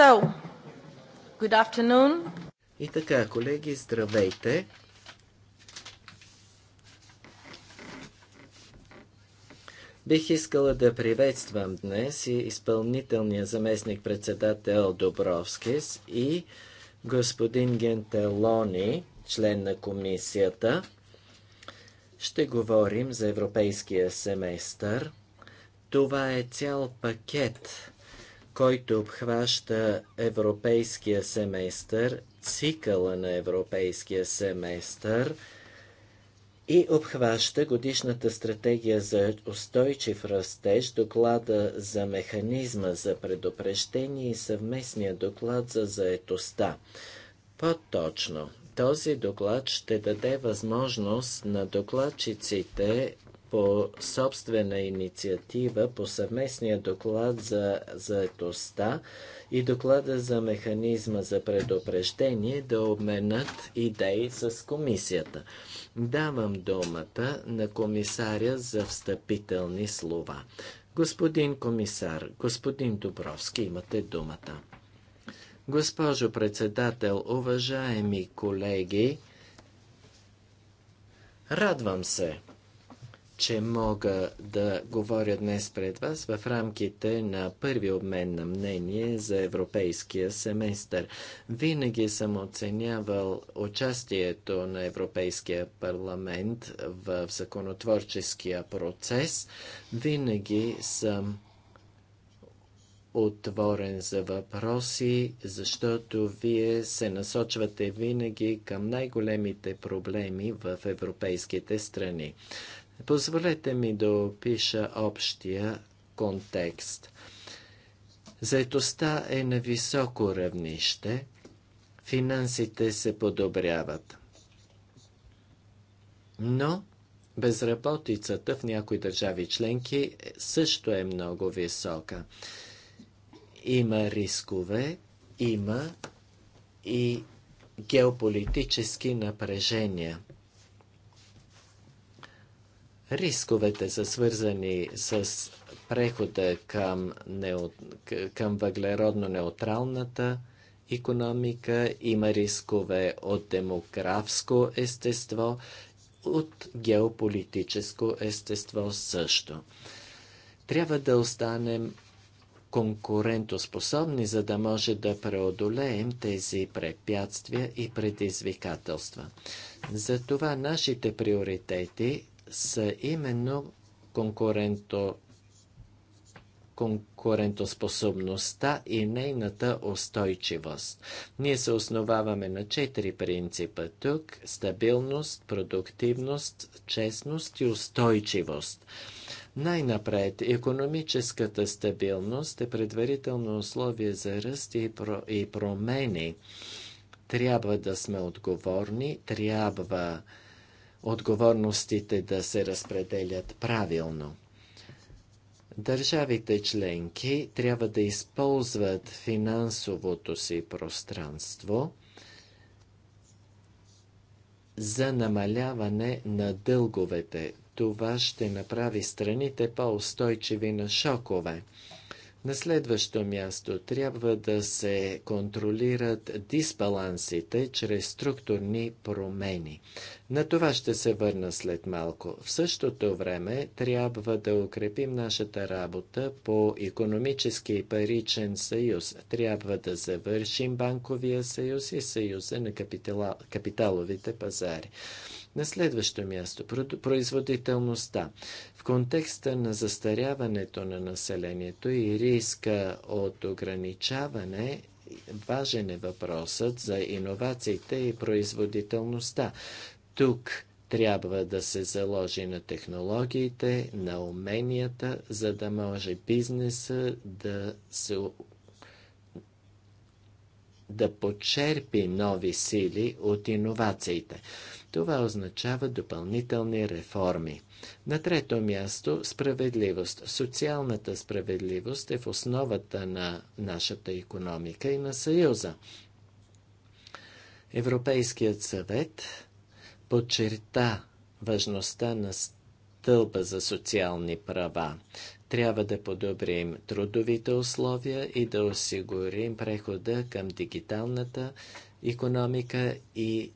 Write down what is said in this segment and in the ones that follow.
So, good afternoon. И така, колеги, здравейте. Бих искала да приветствам днес и изпълнителния заместник председател Добровскис и господин Гентелони, член на комисията. Ще говорим за европейския семестър. Това е цял пакет който обхваща европейския семестър, цикъла на европейския семестър и обхваща годишната стратегия за устойчив растеж, доклада за механизма за предупреждение и съвместния доклад за заетостта. По-точно, този доклад ще даде възможност на докладчиците по собствена инициатива по съвместния доклад за заетостта и доклада за механизма за предупреждение да обменят идеи с комисията. Давам думата на комисаря за встъпителни слова. Господин комисар, господин Добровски, имате думата. Госпожо председател, уважаеми колеги, радвам се, че мога да говоря днес пред вас в рамките на първи обмен на мнение за европейския семестър. Винаги съм оценявал участието на Европейския парламент в законотворческия процес. Винаги съм отворен за въпроси, защото вие се насочвате винаги към най-големите проблеми в европейските страни. Позволете ми да опиша общия контекст. Заетостта е на високо равнище, финансите се подобряват. Но безработицата в някои държави членки също е много висока. Има рискове, има и геополитически напрежения – Рисковете са свързани с прехода към, нео... към въглеродно-неутралната економика, има рискове от демографско естество, от геополитическо естество също. Трябва да останем конкурентоспособни, за да може да преодолеем тези препятствия и предизвикателства. Затова нашите приоритети са именно конкуренто, конкурентоспособността и нейната устойчивост. Ние се основаваме на четири принципа тук – стабилност, продуктивност, честност и устойчивост. Най-напред, економическата стабилност е предварително условие за ръст и, про, и промени. Трябва да сме отговорни, трябва отговорностите да се разпределят правилно. Държавите членки трябва да използват финансовото си пространство за намаляване на дълговете. Това ще направи страните по-устойчиви на шокове. На следващо място трябва да се контролират дисбалансите чрез структурни промени. На това ще се върна след малко. В същото време трябва да укрепим нашата работа по економически и паричен съюз. Трябва да завършим банковия съюз и съюза на капитала, капиталовите пазари. На следващо място, производителността. В контекста на застаряването на населението и риска от ограничаване важен е въпросът за иновациите и производителността. Тук трябва да се заложи на технологиите, на уменията, за да може бизнеса да се да почерпи нови сили от иновациите. Това означава допълнителни реформи. На трето място – справедливост. Социалната справедливост е в основата на нашата економика и на Съюза. Европейският съвет подчерта важността на стълба за социални права. Трябва да подобрим трудовите условия и да осигурим прехода към дигиталната економика и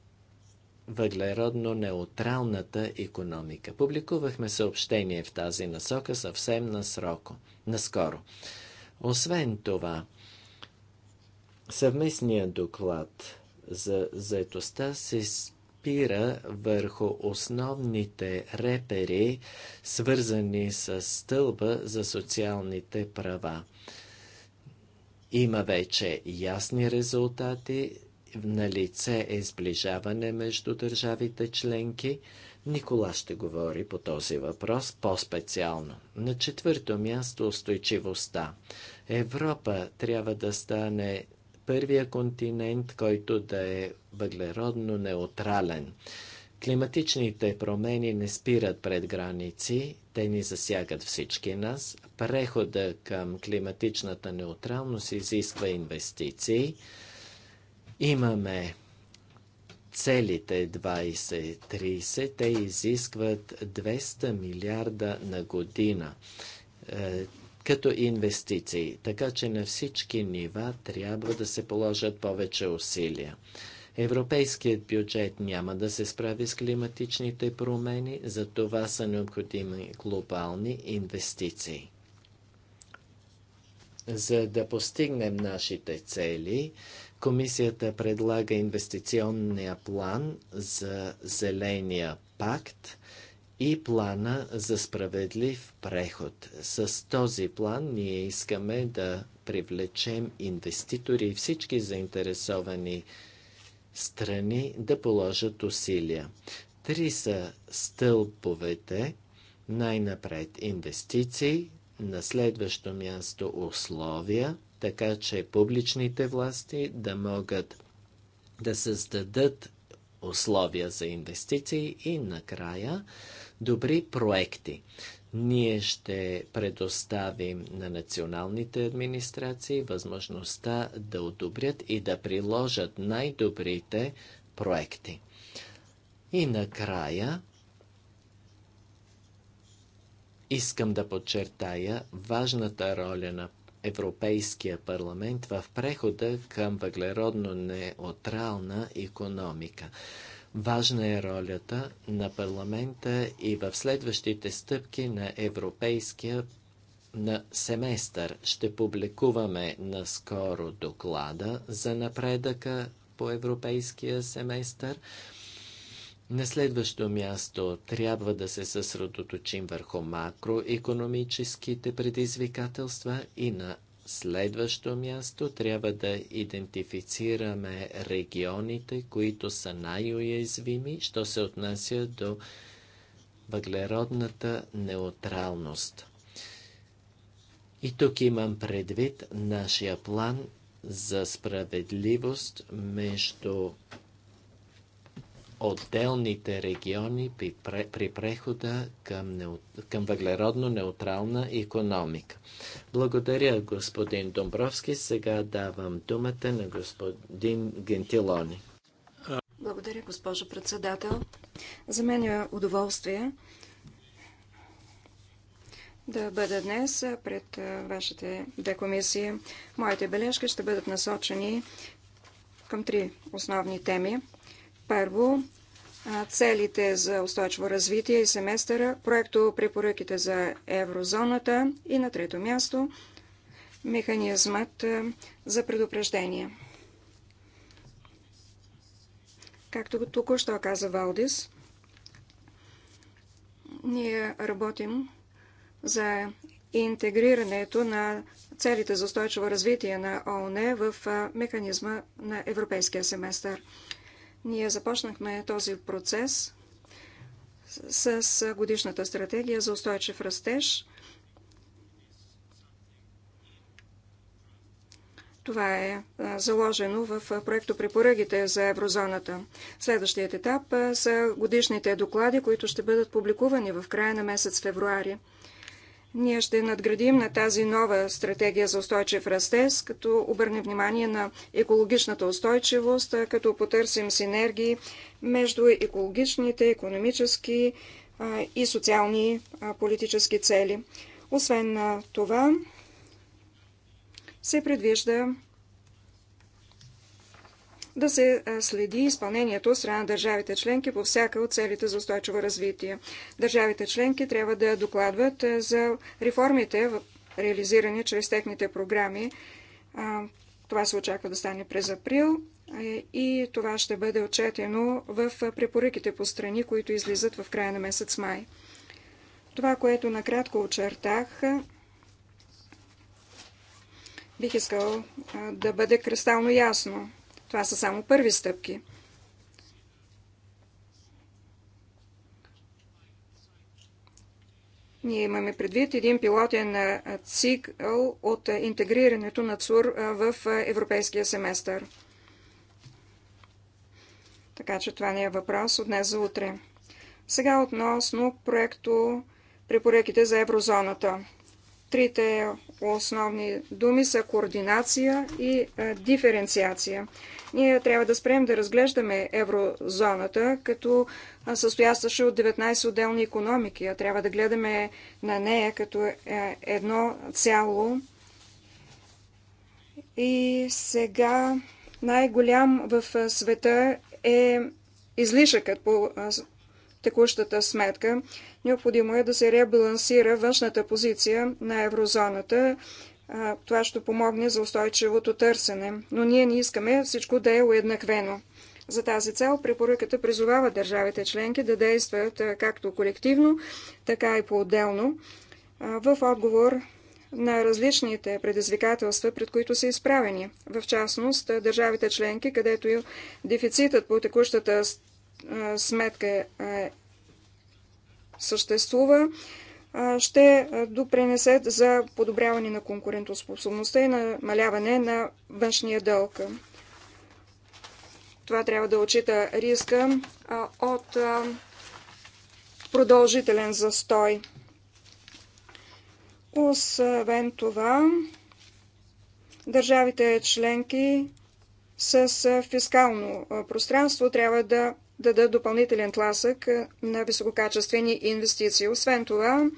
въглеродно-неутралната економика. Публикувахме съобщение в тази насока съвсем насроко, наскоро. Освен това, съвместният доклад за заетостта се спира върху основните репери, свързани с стълба за социалните права. Има вече ясни резултати на лице е сближаване между държавите членки. Никола ще говори по този въпрос по-специално. На четвърто място устойчивостта. Европа трябва да стане първия континент, който да е въглеродно неутрален. Климатичните промени не спират пред граници, те ни засягат всички нас. Прехода към климатичната неутралност изисква инвестиции – Имаме целите 2030. Те изискват 200 милиарда на година е, като инвестиции. Така че на всички нива трябва да се положат повече усилия. Европейският бюджет няма да се справи с климатичните промени, за това са необходими глобални инвестиции. За да постигнем нашите цели, Комисията предлага инвестиционния план за Зеления пакт и плана за справедлив преход. С този план ние искаме да привлечем инвеститори и всички заинтересовани страни да положат усилия. Три са стълбовете. Най-напред инвестиции, на следващо място условия така че публичните власти да могат да създадат условия за инвестиции и накрая добри проекти. Ние ще предоставим на националните администрации възможността да одобрят и да приложат най-добрите проекти. И накрая искам да подчертая важната роля на Европейския парламент в прехода към въглеродно неутрална економика. Важна е ролята на парламента и в следващите стъпки на Европейския на семестър. Ще публикуваме наскоро доклада за напредъка по Европейския семестър. На следващо място трябва да се съсредоточим върху макроекономическите предизвикателства и на следващо място трябва да идентифицираме регионите, които са най-уязвими, що се отнася до въглеродната неутралност. И тук имам предвид нашия план за справедливост между отделните региони при, при прехода към, неу, към въглеродно-неутрална економика. Благодаря, господин Домбровски. Сега давам думата на господин Гентилони. Благодаря, госпожо председател. За мен е удоволствие да бъда днес пред вашите две комисии. Моите бележки ще бъдат насочени към три основни теми. Първо, целите за устойчиво развитие и семестъра, проекто препоръките за еврозоната и на трето място механизмът за предупреждение. Както тук що каза Валдис, ние работим за интегрирането на целите за устойчиво развитие на ООН в механизма на европейския семестър. Ние започнахме този процес с годишната стратегия за устойчив растеж. Това е заложено в проекто препоръгите за еврозоната. Следващият етап са годишните доклади, които ще бъдат публикувани в края на месец февруари. Ние ще надградим на тази нова стратегия за устойчив растеж, като обърнем внимание на екологичната устойчивост, като потърсим синергии между екологичните, економически и социални политически цели. Освен това, се предвижда да се е, следи изпълнението от страна на държавите членки по всяка от целите за устойчиво развитие. Държавите членки трябва да докладват е, за реформите, реализирани чрез техните програми. Е, това се очаква да стане през април и това ще бъде отчетено в препоръките по страни, които излизат в края на месец май. Това, което накратко очертах, бих искал да бъде кристално ясно. Това са само първи стъпки. Ние имаме предвид един пилотен цикъл от интегрирането на ЦУР в европейския семестър. Така че това не е въпрос от днес за утре. Сега относно проекто препоръките за еврозоната. Трите основни думи са координация и е, диференциация. Ние трябва да спрем да разглеждаме еврозоната като е, състояща от 19 отделни економики, а трябва да гледаме на нея като е, едно цяло. И сега най-голям в света е излишъкът по текущата сметка. Необходимо е да се ребалансира външната позиция на еврозоната. Това ще помогне за устойчивото търсене. Но ние не искаме всичко да е уеднаквено. За тази цел препоръката призовава държавите членки да действат както колективно, така и по-отделно в отговор на различните предизвикателства, пред които са изправени. В частност, държавите членки, където и дефицитът по текущата сметка е, съществува, ще допринесе за подобряване на конкурентоспособността и намаляване на външния дълг. Това трябва да отчита риска от продължителен застой. Освен това, държавите членки с фискално пространство трябва да дадат допълнителен тласък е, на висококачествени инвестиции. Освен това,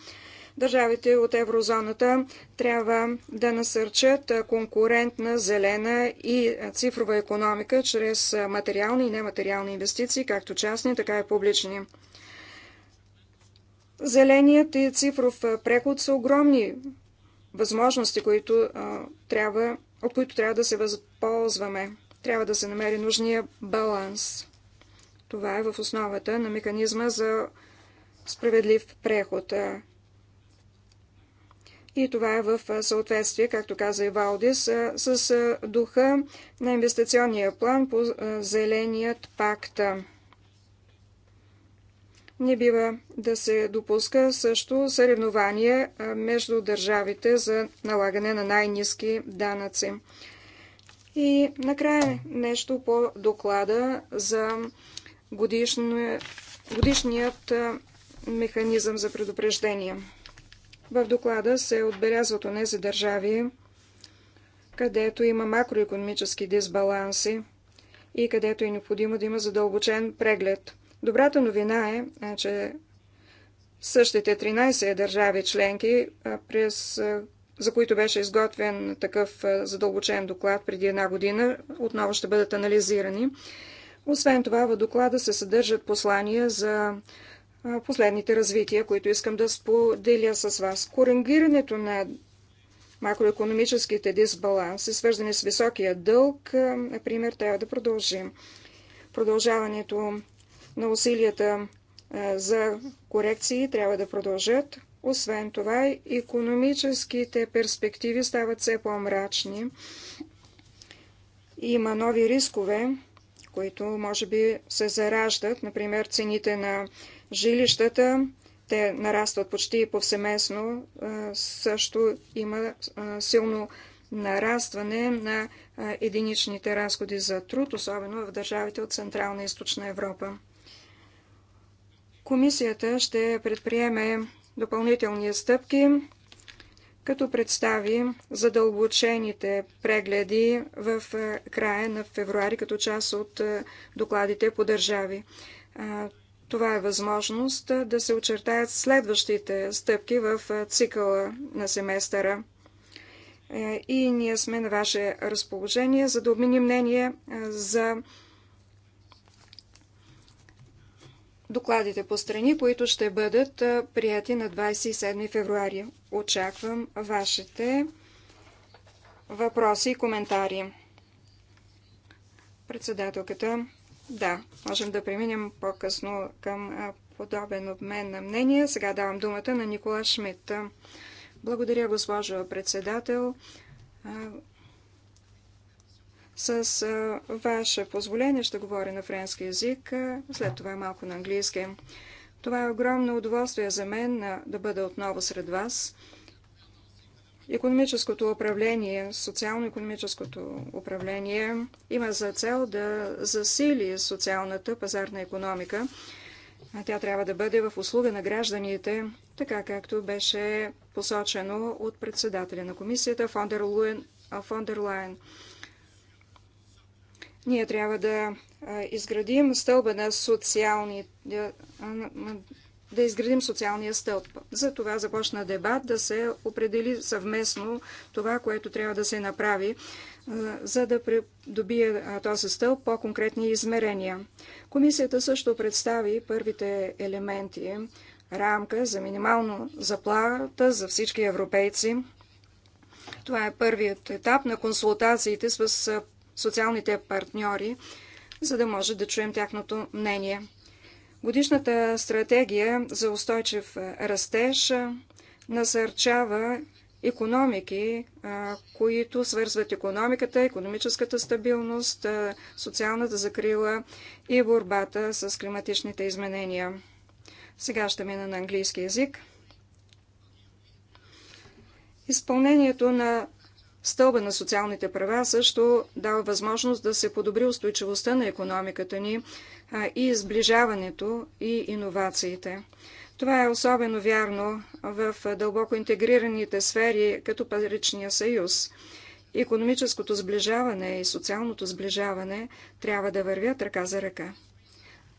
държавите от еврозоната трябва да насърчат е, конкурентна, зелена и е, цифрова економика чрез материални и нематериални инвестиции, както частни, така и публични. Зеленият и цифров преход са огромни възможности, които, а, трябва, от които трябва да се възползваме. Трябва да се намери нужния баланс. Това е в основата на механизма за справедлив преход. И това е в съответствие, както каза и Валдис, с духа на инвестиционния план по Зеленият пакт. Не бива да се допуска също съревнование между държавите за налагане на най-низки данъци. И накрая нещо по доклада за е- годишният е, механизъм за предупреждение. В доклада се отбелязват онези държави, където има макроекономически дисбаланси и където е необходимо да има задълбочен преглед. Добрата новина е, е че същите 13 държави членки, през, за които беше изготвен такъв задълбочен доклад преди една година, отново ще бъдат анализирани. Освен това, в доклада се съдържат послания за последните развития, които искам да споделя с вас. Корангирането на макроекономическите дисбаланси, свързани с високия дълг, например, трябва да продължим. Продължаването на усилията за корекции трябва да продължат. Освен това, економическите перспективи стават все по-мрачни. Има нови рискове, които може би се зараждат, например цените на жилищата, те нарастват почти повсеместно, също има силно нарастване на единичните разходи за труд, особено в държавите от Централна и Източна Европа. Комисията ще предприеме допълнителни стъпки като представи задълбочените прегледи в е, края на февруари като част от е, докладите по държави. Това е възможност е, да се очертаят следващите стъпки в цикъла на семестъра. И ние сме на ваше разположение, за да обменим мнение за докладите по страни, които ще бъдат прияти на 27 февруари. Очаквам вашите въпроси и коментари. Председателката, да, можем да преминем по-късно към подобен обмен на мнение. Сега давам думата на Никола Шмидт. Благодаря, госпожо председател. С ваше позволение ще говоря на френски язик, след това малко на английски. Това е огромно удоволствие за мен да бъда отново сред вас. Економическото управление, социално-економическото управление има за цел да засили социалната пазарна економика. Тя трябва да бъде в услуга на гражданите, така както беше посочено от председателя на комисията Фондер Луен. Фондер ние трябва да изградим стълба на социални, да изградим социалния стълб. За това започна дебат да се определи съвместно това, което трябва да се направи, за да добие този стълб по-конкретни измерения. Комисията също представи първите елементи, рамка за минимално заплата за всички европейци. Това е първият етап на консултациите с социалните партньори, за да може да чуем тяхното мнение. Годишната стратегия за устойчив растеж насърчава економики, които свързват економиката, економическата стабилност, социалната закрила и борбата с климатичните изменения. Сега ще мина на английски язик. Изпълнението на Стълба на социалните права също дава възможност да се подобри устойчивостта на економиката ни и сближаването и иновациите. Това е особено вярно в дълбоко интегрираните сфери, като Паричния съюз. Економическото сближаване и социалното сближаване трябва да вървят ръка за ръка.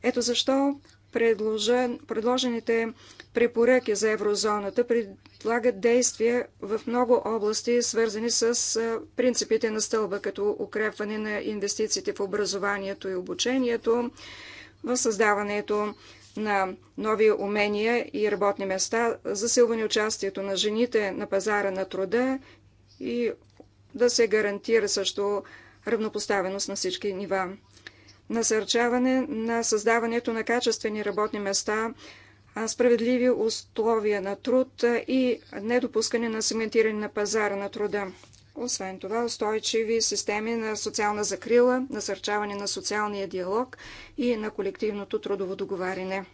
Ето защо предложен, предложените препоръки за еврозоната предлагат действия в много области, свързани с принципите на стълба, като укрепване на инвестициите в образованието и обучението, в създаването на нови умения и работни места, засилване участието на жените на пазара на труда и да се гарантира също равнопоставеност на всички нива насърчаване на създаването на качествени работни места, справедливи условия на труд и недопускане на сегментиране на пазара на труда. Освен това, устойчиви системи на социална закрила, насърчаване на социалния диалог и на колективното трудово договаряне.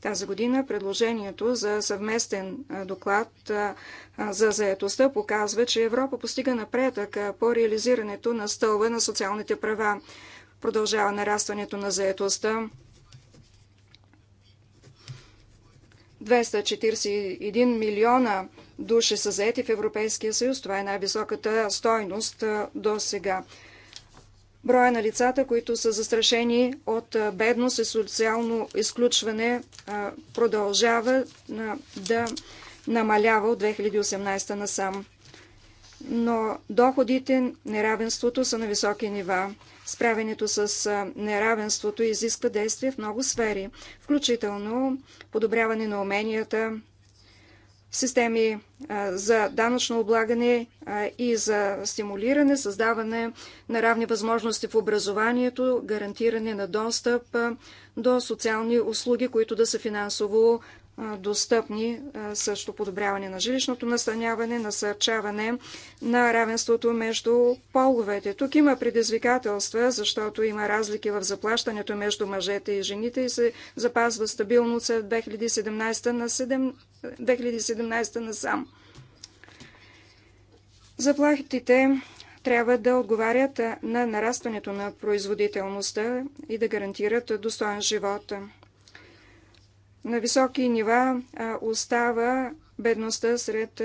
Тази година предложението за съвместен доклад за заетостта показва, че Европа постига напредък по реализирането на стълба на социалните права. Продължава нарастването на заетостта. 241 милиона души са заети в Европейския съюз. Това е най-високата стойност до сега. Броя на лицата, които са застрашени от бедност и социално изключване, продължава да намалява от 2018 насам. Но доходите, неравенството са на високи нива. Справянето с неравенството изисква действие в много сфери, включително подобряване на уменията, системи за данъчно облагане и за стимулиране, създаване на равни възможности в образованието, гарантиране на достъп до социални услуги, които да са финансово достъпни, също подобряване на жилищното настаняване, насърчаване на равенството между половете. Тук има предизвикателства, защото има разлики в заплащането между мъжете и жените и се запазва стабилно от 2017 на, 7... 2017 на сам. Заплахите трябва да отговарят на нарастването на производителността и да гарантират достоен живот на високи нива остава бедността сред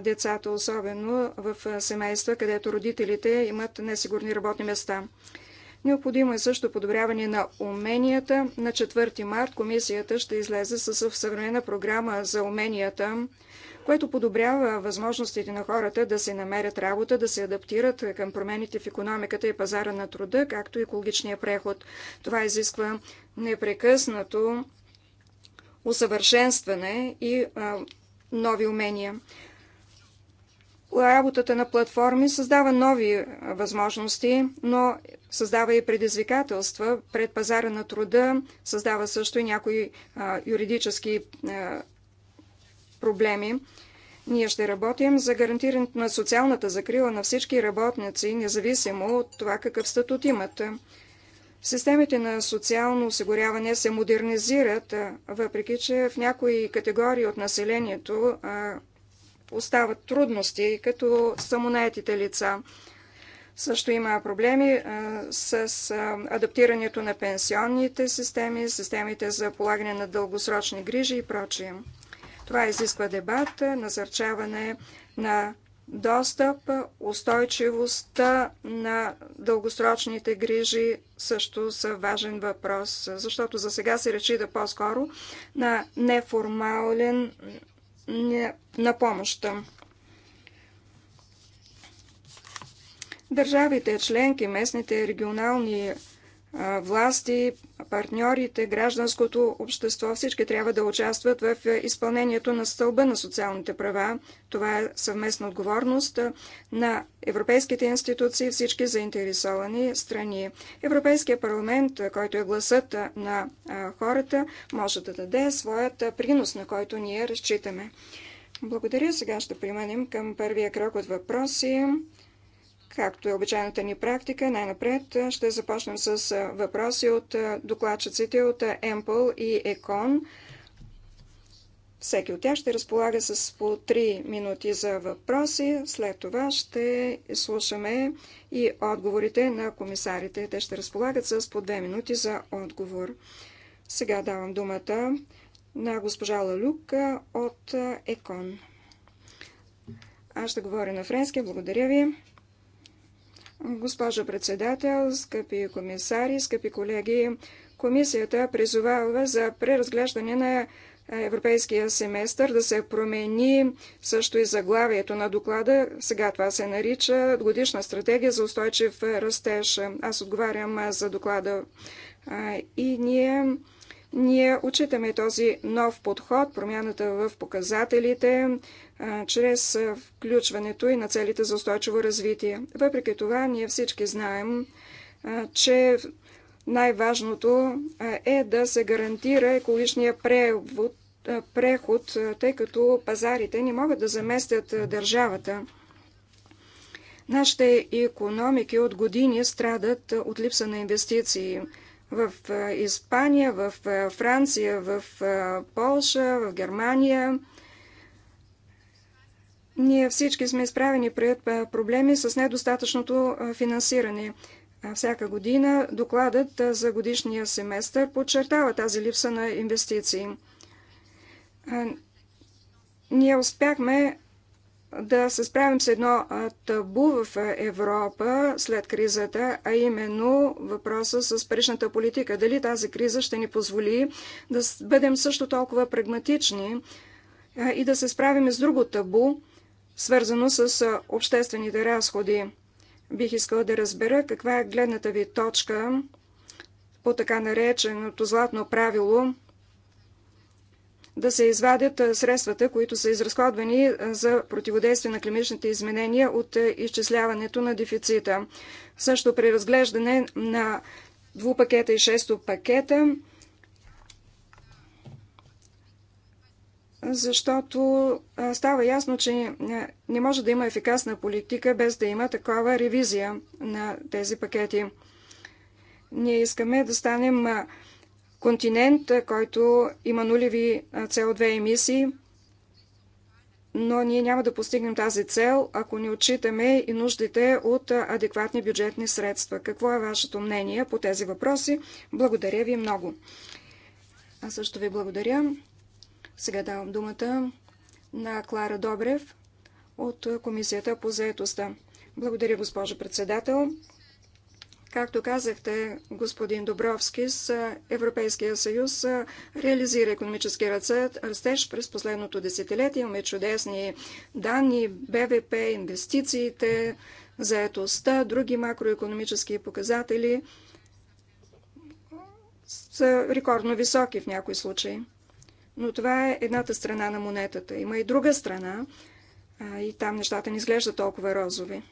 децата, особено в семейства, където родителите имат несигурни работни места. Необходимо е също подобряване на уменията. На 4 март комисията ще излезе с съвременна програма за уменията, което подобрява възможностите на хората да се намерят работа, да се адаптират към промените в економиката и пазара на труда, както и екологичния преход. Това изисква непрекъснато усъвършенстване и а, нови умения. Работата на платформи създава нови възможности, но създава и предизвикателства пред пазара на труда, създава също и някои а, юридически а, проблеми. Ние ще работим за гарантирането на социалната закрила на всички работници, независимо от това какъв статут имат. Системите на социално осигуряване се модернизират, въпреки че в някои категории от населението остават трудности, като самонаетите лица. Също има проблеми с адаптирането на пенсионните системи, системите за полагане на дългосрочни грижи и прочие. Това изисква дебат, насърчаване на достъп, устойчивостта на дългосрочните грижи също са важен въпрос, защото за сега се речи да по-скоро на неформален на помощта. Държавите, членки, местните регионални власти, партньорите, гражданското общество, всички трябва да участват в изпълнението на стълба на социалните права. Това е съвместна отговорност на европейските институции, всички заинтересовани страни. Европейския парламент, който е гласът на хората, може да даде своят принос, на който ние разчитаме. Благодаря. Сега ще преминем към първия кръг от въпроси. Както е обичайната ни практика, най-напред ще започнем с въпроси от докладчиците от Емпъл и Екон. Всеки от тях ще разполага с по 3 минути за въпроси. След това ще слушаме и отговорите на комисарите. Те ще разполагат с по 2 минути за отговор. Сега давам думата на госпожа Лалюк от Екон. Аз ще говоря на френски. Благодаря ви. Госпожо председател, скъпи комисари, скъпи колеги, комисията призовава за преразглеждане на европейския семестър да се промени също и заглавието на доклада. Сега това се нарича годишна стратегия за устойчив растеж. Аз отговарям за доклада и ние ние отчитаме този нов подход, промяната в показателите, чрез включването и на целите за устойчиво развитие. Въпреки това, ние всички знаем, че най-важното е да се гарантира екологичния превод, преход, тъй като пазарите не могат да заместят държавата. Нашите економики от години страдат от липса на инвестиции – в Испания, в Франция, в Полша, в Германия. Ние всички сме изправени пред проблеми с недостатъчното финансиране. Всяка година докладът за годишния семестър подчертава тази липса на инвестиции. Ние успяхме да се справим с едно табу в Европа след кризата, а именно въпроса с паричната политика. Дали тази криза ще ни позволи да бъдем също толкова прагматични и да се справим с друго табу, свързано с обществените разходи. Бих искала да разбера каква е гледната ви точка по така нареченото златно правило – да се извадят средствата, които са изразходвани за противодействие на климатичните изменения от изчисляването на дефицита. Също при разглеждане на двупакета и шесто пакета, защото става ясно, че не може да има ефикасна политика без да има такова ревизия на тези пакети. Ние искаме да станем континент, който има нулеви CO2 емисии, но ние няма да постигнем тази цел, ако не отчитаме и нуждите от адекватни бюджетни средства. Какво е вашето мнение по тези въпроси? Благодаря ви много. Аз също ви благодаря. Сега давам думата на Клара Добрев от Комисията по заетостта. Благодаря, госпожо председател. Както казахте, господин Добровски, с Европейския съюз реализира економически растеж през последното десетилетие. Имаме чудесни данни, БВП, инвестициите, заетостта, други макроекономически показатели са рекордно високи в някои случаи. Но това е едната страна на монетата. Има и друга страна и там нещата не изглеждат толкова розови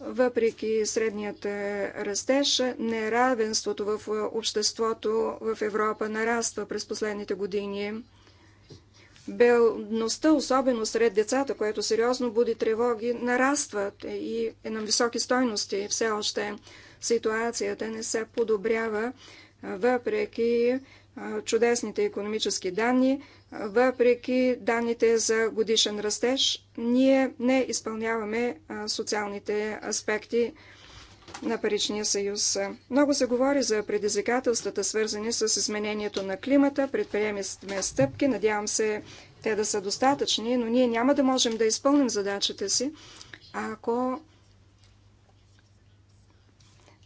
въпреки средният е, растеж, неравенството в е, обществото в Европа нараства през последните години. Белността, особено сред децата, което сериозно буди тревоги, нарастват и е на високи стойности. Все още ситуацията не се подобрява, въпреки чудесните економически данни, въпреки данните за годишен растеж, ние не изпълняваме социалните аспекти на Паричния съюз. Много се говори за предизвикателствата, свързани с изменението на климата. Предприеме стъпки. Надявам се те да са достатъчни, но ние няма да можем да изпълним задачите си, ако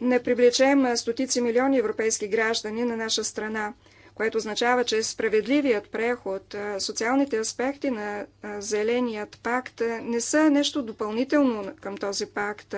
не привлечем стотици милиони европейски граждани на наша страна – което означава, че справедливият преход, социалните аспекти на Зеленият пакт не са нещо допълнително към този пакт.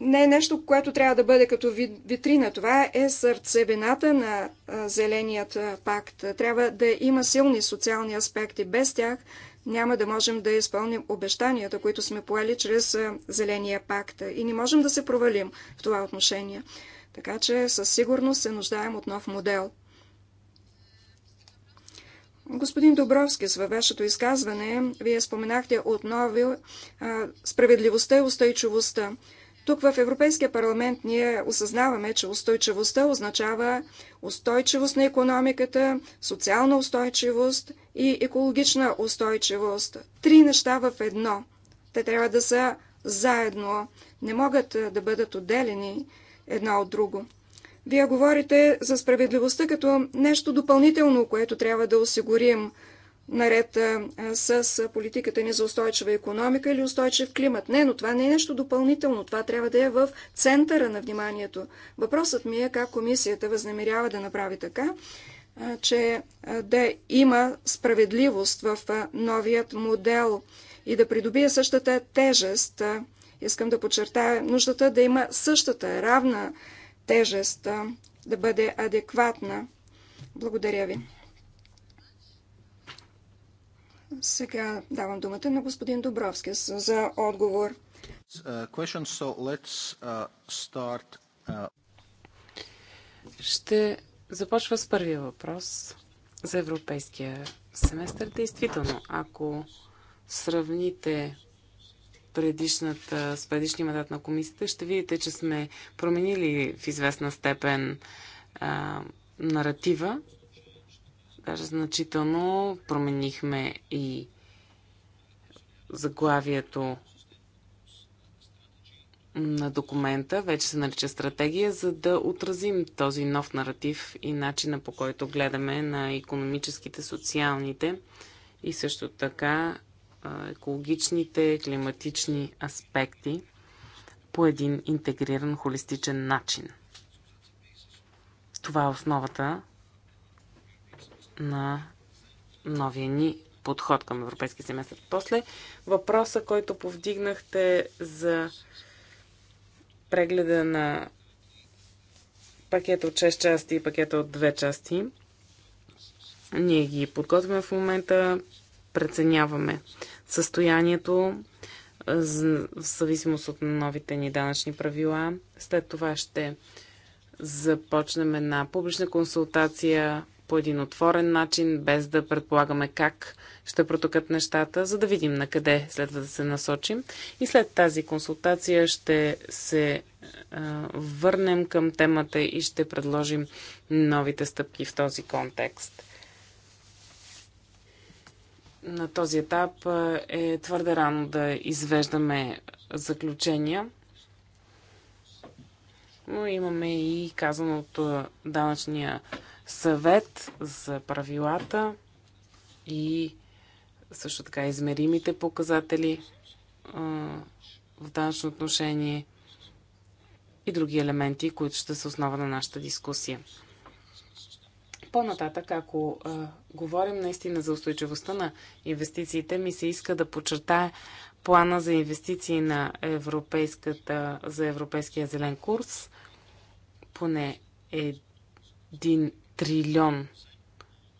Не е нещо, което трябва да бъде като витрина. Това е сърцевината на Зеленият пакт. Трябва да има силни социални аспекти. Без тях няма да можем да изпълним обещанията, които сме поели чрез Зеления пакт. И не можем да се провалим в това отношение. Така че със сигурност се нуждаем от нов модел. Господин Добровски, във вашето изказване, вие споменахте отново справедливостта и устойчивостта. Тук в Европейския парламент ние осъзнаваме, че устойчивостта означава устойчивост на економиката, социална устойчивост и екологична устойчивост. Три неща в едно. Те трябва да са заедно, не могат да бъдат отделени, едно от друго. Вие говорите за справедливостта като нещо допълнително, което трябва да осигурим наред с политиката ни за устойчива економика или устойчив климат. Не, но това не е нещо допълнително. Това трябва да е в центъра на вниманието. Въпросът ми е как комисията възнамерява да направи така, че да има справедливост в новият модел и да придобие същата тежест Искам да подчертая нуждата да има същата равна тежест, да бъде адекватна. Благодаря ви. Сега давам думата на господин Добровски за отговор. Uh, uh, Ще започва с първия въпрос за европейския семестър. Действително, ако сравните предишната, с предишния мандат на комисията, ще видите, че сме променили в известна степен а, наратива. Даже значително променихме и заглавието на документа, вече се нарича стратегия, за да отразим този нов наратив и начина по който гледаме на економическите, социалните и също така екологичните, климатични аспекти по един интегриран, холистичен начин. Това е основата на новия ни подход към европейския семестър. После въпроса, който повдигнахте за прегледа на пакета от 6 части и пакета от 2 части. Ние ги подготвяме в момента, преценяваме състоянието в зависимост от новите ни данъчни правила. След това ще започнем една публична консултация по един отворен начин, без да предполагаме как ще протокат нещата, за да видим на къде следва да се насочим. И след тази консултация ще се върнем към темата и ще предложим новите стъпки в този контекст на този етап е твърде рано да извеждаме заключения. Но имаме и казаното данъчния съвет за правилата и също така измеримите показатели в данъчно отношение и други елементи, които ще са основа на нашата дискусия. По-нататък, ако а, говорим наистина за устойчивостта на инвестициите, ми се иска да подчертая плана за инвестиции на европейската, за Европейския зелен курс. Поне 1 трилион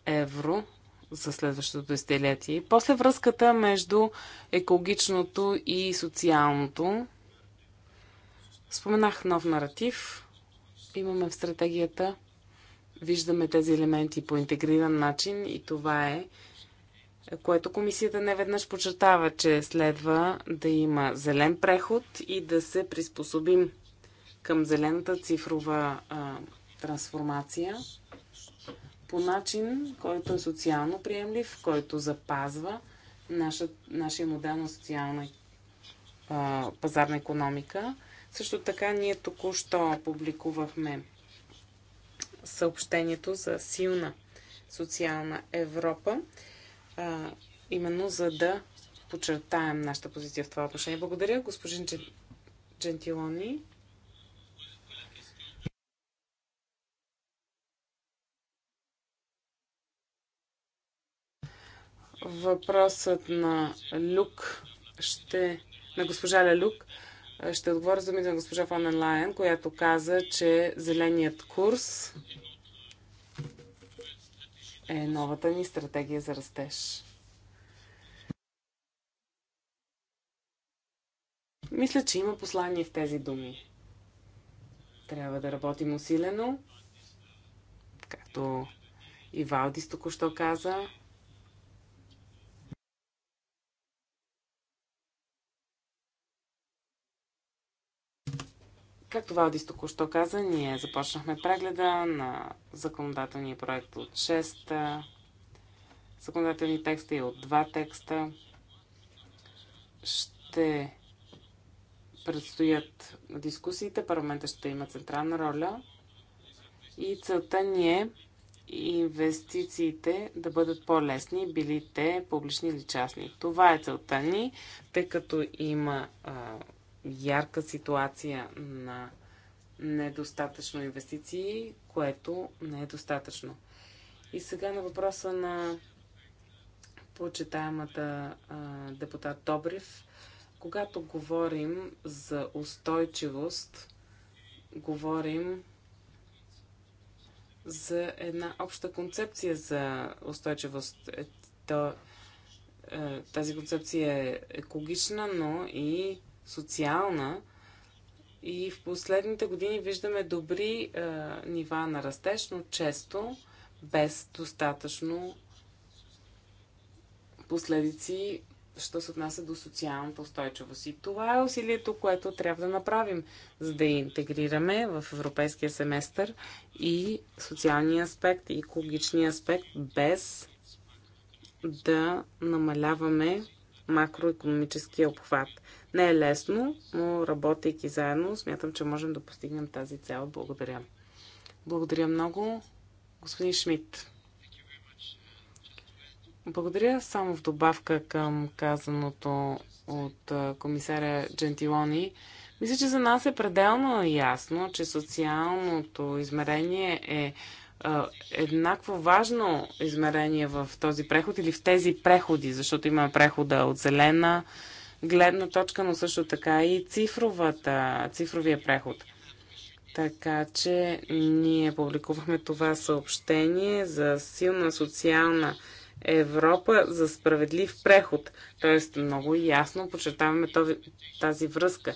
евро за следващото десетилетие. После връзката между екологичното и социалното. Споменах нов наратив. Имаме в стратегията виждаме тези елементи по интегриран начин и това е, което комисията не веднъж подчертава, че следва да има зелен преход и да се приспособим към зелената цифрова а, трансформация по начин, който е социално приемлив, който запазва наша, нашия модел на социална а, пазарна економика. Също така ние току-що публикувахме съобщението за силна социална Европа, а, именно за да подчертаем нашата позиция в това отношение. Благодаря, господин Джентилони. Въпросът на Люк ще, на госпожа Лялюк ще отговоря за думите на госпожа Фонен Лайен, която каза, че зеленият курс е новата ни стратегия за растеж. Мисля, че има послание в тези думи. Трябва да работим усилено, както и Валдис току-що каза, Както Валдис току-що каза, ние започнахме прегледа на законодателния проект от 6 законодателни текста и от 2 текста. Ще предстоят дискусиите, парламента ще има централна роля и целта ни е инвестициите да бъдат по-лесни, били те публични или частни. Това е целта ни, тъй като има а, ярка ситуация на недостатъчно инвестиции, което не е достатъчно. И сега на въпроса на почитаемата а, депутат Добрив. Когато говорим за устойчивост, говорим за една обща концепция за устойчивост. Ето, е, тази концепция е екологична, но и социална. И в последните години виждаме добри е, нива на растеж, но често без достатъчно последици, що се отнася до социалната устойчивост. И това е усилието, което трябва да направим, за да интегрираме в европейския семестър и социалния аспект, и екологичния аспект, без да намаляваме макроекономическия обхват. Не е лесно, но работейки заедно, смятам, че можем да постигнем тази цел. Благодаря. Благодаря много, господин Шмидт. Благодаря. Само в добавка към казаното от комисаря Джентилони. Мисля, че за нас е пределно ясно, че социалното измерение е еднакво важно измерение в този преход или в тези преходи, защото има прехода от зелена гледна точка, но също така и цифровата, цифровия преход. Така че ние публикувахме това съобщение за силна социална Европа за справедлив преход. Тоест много ясно подчертаваме тази връзка.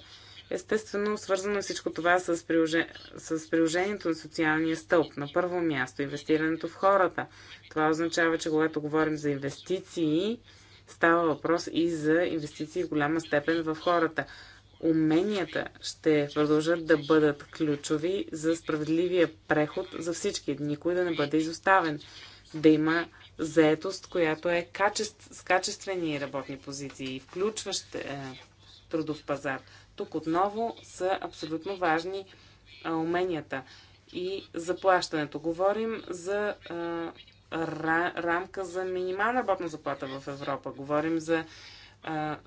Естествено, свързано е всичко това с, приложе... с приложението на социалния стълб. На първо място, инвестирането в хората. Това означава, че когато говорим за инвестиции, Става въпрос и за инвестиции в голяма степен в хората. Уменията ще продължат да бъдат ключови за справедливия преход за всички. Никой да не бъде изоставен. Да има заетост, която е качеств, с качествени работни позиции и включващ е, трудов пазар. Тук отново са абсолютно важни е, уменията и заплащането. Говорим за е, рамка за минимална работна заплата в Европа. Говорим за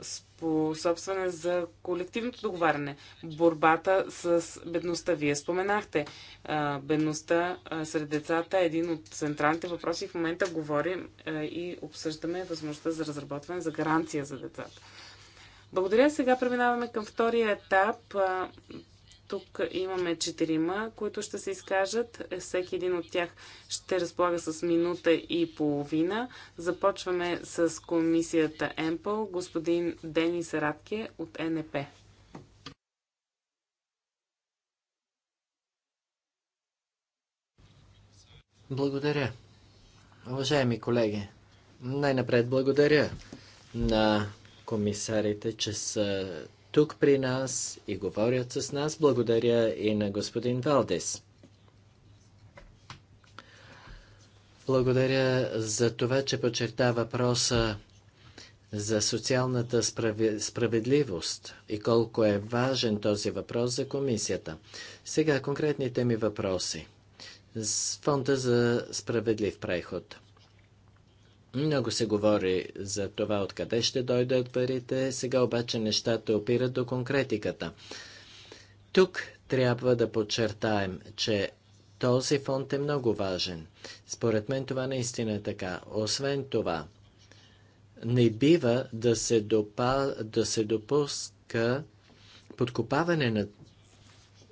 способстване за колективното договаряне, борбата с бедността. Вие споменахте, бедността сред децата е един от централните въпроси. В момента говорим и обсъждаме възможността за разработване за гаранция за децата. Благодаря. Сега преминаваме към втория етап тук имаме четирима, които ще се изкажат. Всеки един от тях ще разполага с минута и половина. Започваме с комисията ЕМПЛ, господин Денис Радке от НП. Благодаря. Уважаеми колеги, най-напред благодаря на комисарите, че са тук при нас и говорят с нас. Благодаря и на господин Валдес. Благодаря за това, че почерта въпроса за социалната справедливост и колко е важен този въпрос за комисията. Сега конкретните ми въпроси. С фонда за справедлив преход – много се говори за това откъде ще дойдат парите, сега обаче нещата опират до конкретиката. Тук трябва да подчертаем, че този фонд е много важен. Според мен това наистина е така. Освен това, не бива да се, допа, да се допуска подкопаване на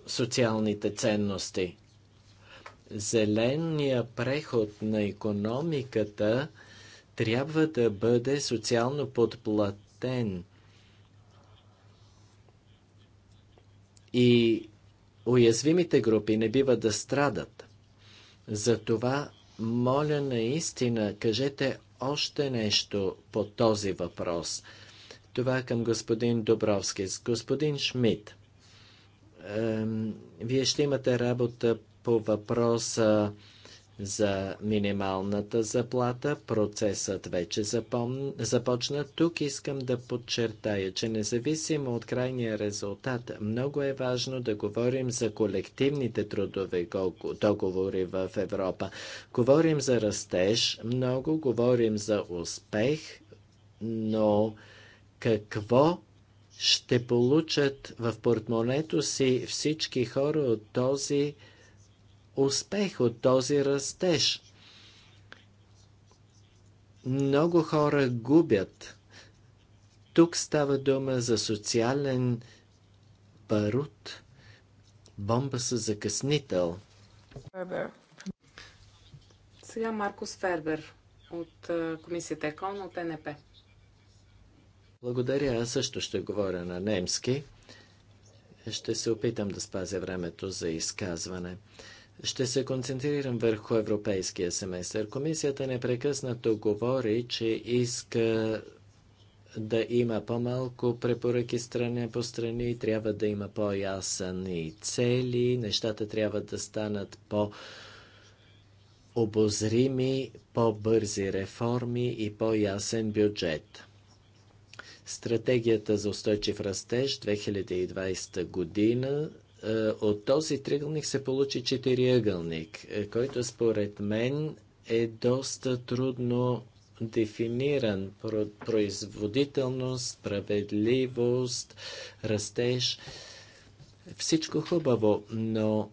социалните ценности. Зеления преход на економиката – трябва да бъде социално подплатен и уязвимите групи не бива да страдат. Затова, моля наистина, кажете още нещо по този въпрос. Това към господин Добровски. Господин Шмидт, вие ще имате работа по въпроса за минималната заплата. Процесът вече запом... започна. Тук искам да подчертая, че независимо от крайния резултат, много е важно да говорим за колективните трудови договори в Европа. Говорим за растеж, много говорим за успех, но какво ще получат в портмонето си всички хора от този успех от този растеж. Много хора губят. Тук става дума за социален барут, бомба с закъснител. Фербер. Сега Маркус Фербер от комисията ЕКОН от НП. Благодаря. Аз също ще говоря на немски. Ще се опитам да спазя времето за изказване. Ще се концентрирам върху европейския семестър. Комисията непрекъснато говори, че иска да има по-малко препоръки страна по страни, трябва да има по-ясни цели, нещата трябва да станат по- обозрими, по-бързи реформи и по-ясен бюджет. Стратегията за устойчив растеж 2020 година е, от този триъгълник се получи четириъгълник, е, който според мен е доста трудно дефиниран. Производителност, справедливост, растеж. Всичко хубаво, но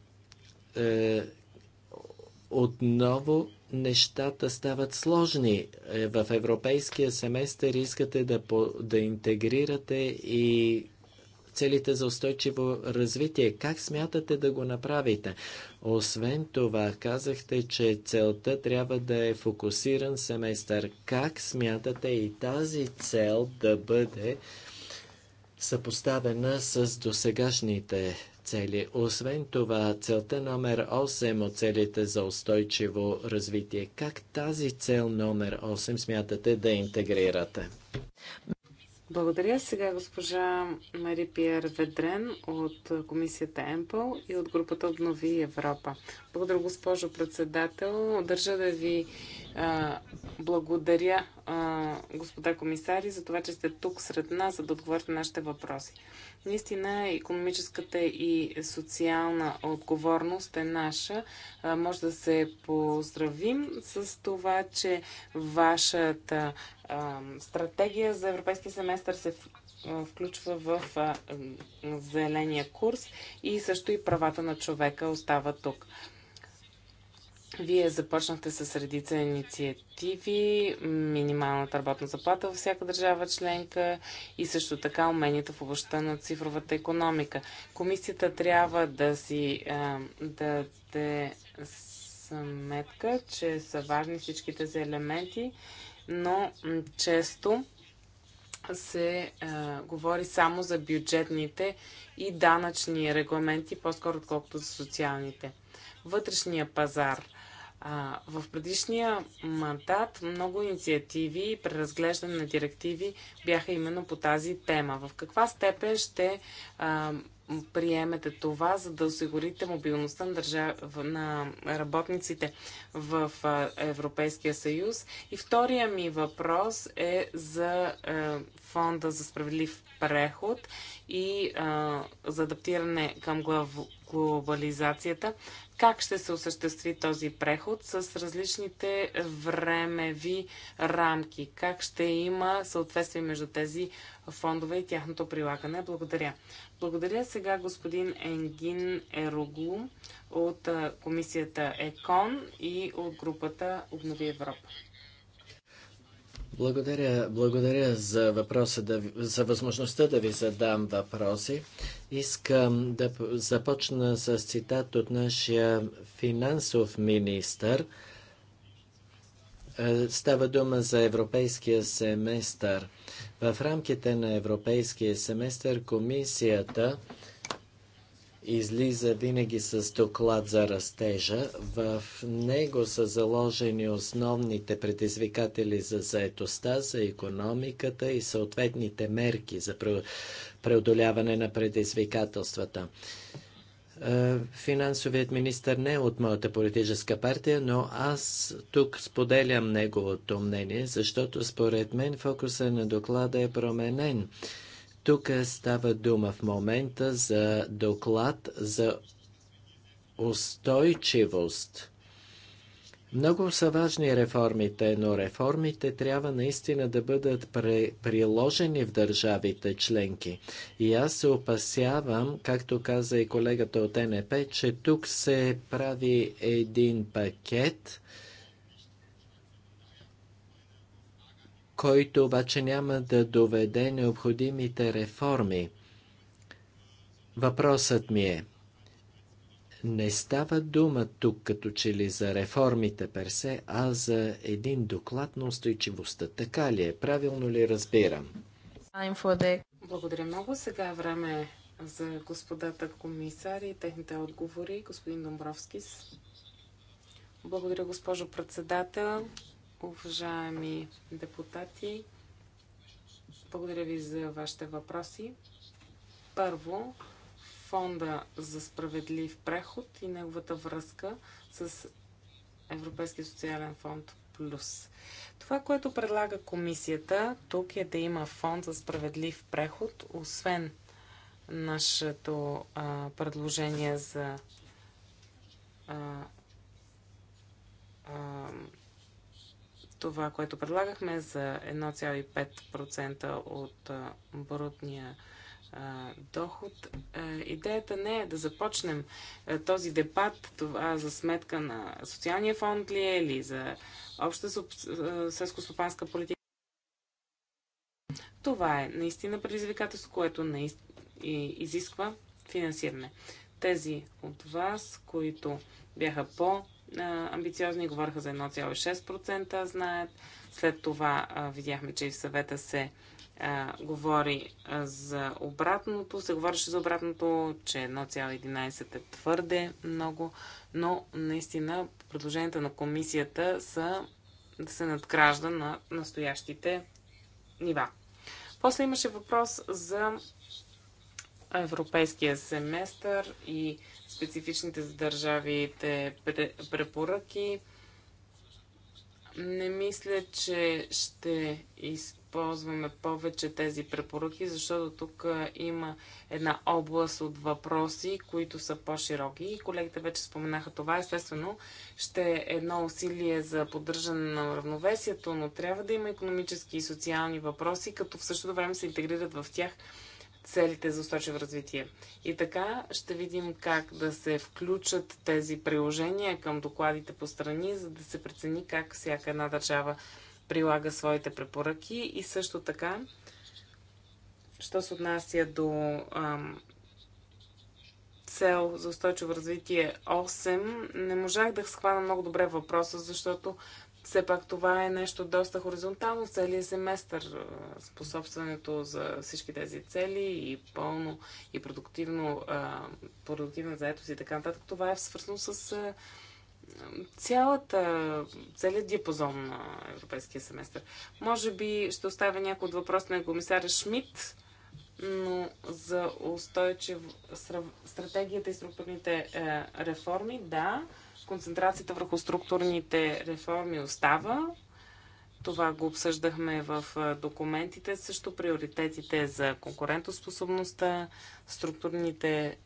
е, отново нещата стават сложни. Е, в европейския семестър искате да, по, да интегрирате и целите за устойчиво развитие. Как смятате да го направите? Освен това, казахте, че целта трябва да е фокусиран семестър. Как смятате и тази цел да бъде съпоставена с досегашните цели. Освен това, целта номер 8 от целите за устойчиво развитие. Как тази цел номер 8 смятате да интегрирате? Благодаря. Сега госпожа Мари Пиер Ведрен от комисията ЕМПЛ и от групата Обнови Европа. Благодаря, госпожо председател. Държа да ви благодаря, господа комисари, за това, че сте тук сред нас, за да отговорите на нашите въпроси. Наистина, економическата и социална отговорност е наша. Може да се поздравим с това, че вашата стратегия за европейски семестър се включва в зеления курс и също и правата на човека остава тук. Вие започнахте с редица инициативи, минималната работна заплата във всяка държава членка и също така уменията в областта на цифровата економика. Комисията трябва да си да те сметка, че са важни всички тези елементи, но често се е, говори само за бюджетните и данъчни регламенти, по-скоро отколкото за социалните. Вътрешния пазар а, в предишния мандат много инициативи и преразглеждане на директиви бяха именно по тази тема. В каква степен ще а, приемете това, за да осигурите мобилността на, държав... на работниците в Европейския съюз? И втория ми въпрос е за фонда за справедлив преход и за адаптиране към глав глобализацията. Как ще се осъществи този преход с различните времеви рамки? Как ще има съответствие между тези фондове и тяхното прилагане? Благодаря. Благодаря сега господин Енгин Ероглу от комисията ЕКОН и от групата Обнови Европа. Благодаря, благодаря за въпроса, да, за възможността да ви задам въпроси. Искам да започна с цитат от нашия финансов министр. Е, става дума за европейския семестър. В рамките на европейския семестър комисията излиза винаги с доклад за растежа. В него са заложени основните предизвикатели за заетостта, за економиката и съответните мерки за преодоляване на предизвикателствата. Е, финансовият министр не е от моята политическа партия, но аз тук споделям неговото мнение, защото според мен фокуса на доклада е променен. Тук става дума в момента за доклад за устойчивост. Много са важни реформите, но реформите трябва наистина да бъдат приложени в държавите членки. И аз се опасявам, както каза и колегата от НП, че тук се прави един пакет – който обаче няма да доведе необходимите реформи. Въпросът ми е, не става дума тук като че ли за реформите персе, а за един доклад на устойчивостта. Така ли е? Правилно ли разбирам? Благодаря много. Сега време е за господата комисари и техните отговори. Господин Домбровски. Благодаря, госпожо председател уважаеми депутати. Благодаря ви за вашите въпроси. Първо, Фонда за справедлив преход и неговата връзка с Европейския социален фонд Плюс. Това, което предлага комисията тук е да има фонд за справедлив преход, освен нашето а, предложение за а, а, това, което предлагахме за 1,5% от брутния доход. Идеята не е да започнем този дебат, това за сметка на социалния фонд ли е, или за обща сълско-стопанска политика. Това е наистина предизвикателство, което изисква финансиране. Тези от вас, които бяха по- амбициозни и говориха за 1,6%, знаят. След това видяхме, че и в съвета се говори за обратното. Се говореше за обратното, че 1,11 е твърде много, но наистина предложенията на комисията са да се надгражда на настоящите нива. После имаше въпрос за европейския семестър и специфичните за държавите препоръки. Не мисля, че ще използваме повече тези препоръки, защото тук има една област от въпроси, които са по-широки. И колегите вече споменаха това. Естествено, ще е едно усилие за поддържане на равновесието, но трябва да има економически и социални въпроси, като в същото време се интегрират в тях целите за устойчиво развитие. И така ще видим как да се включат тези приложения към докладите по страни, за да се прецени как всяка една държава прилага своите препоръки и също така, що се отнася до ам, цел за устойчиво развитие 8, не можах да схвана много добре въпроса, защото все пак това е нещо доста хоризонтално в семестър. Способстването за всички тези цели и пълно и продуктивно, продуктивна заетост и така нататък, това е свързано с цялата, целият диапазон на европейския семестър. Може би ще оставя някой от въпроса на комисаря Шмидт, но за устойчив стратегията и структурните е, реформи, да, концентрацията върху структурните реформи остава. Това го обсъждахме в документите, също приоритетите за конкурентоспособността, структурните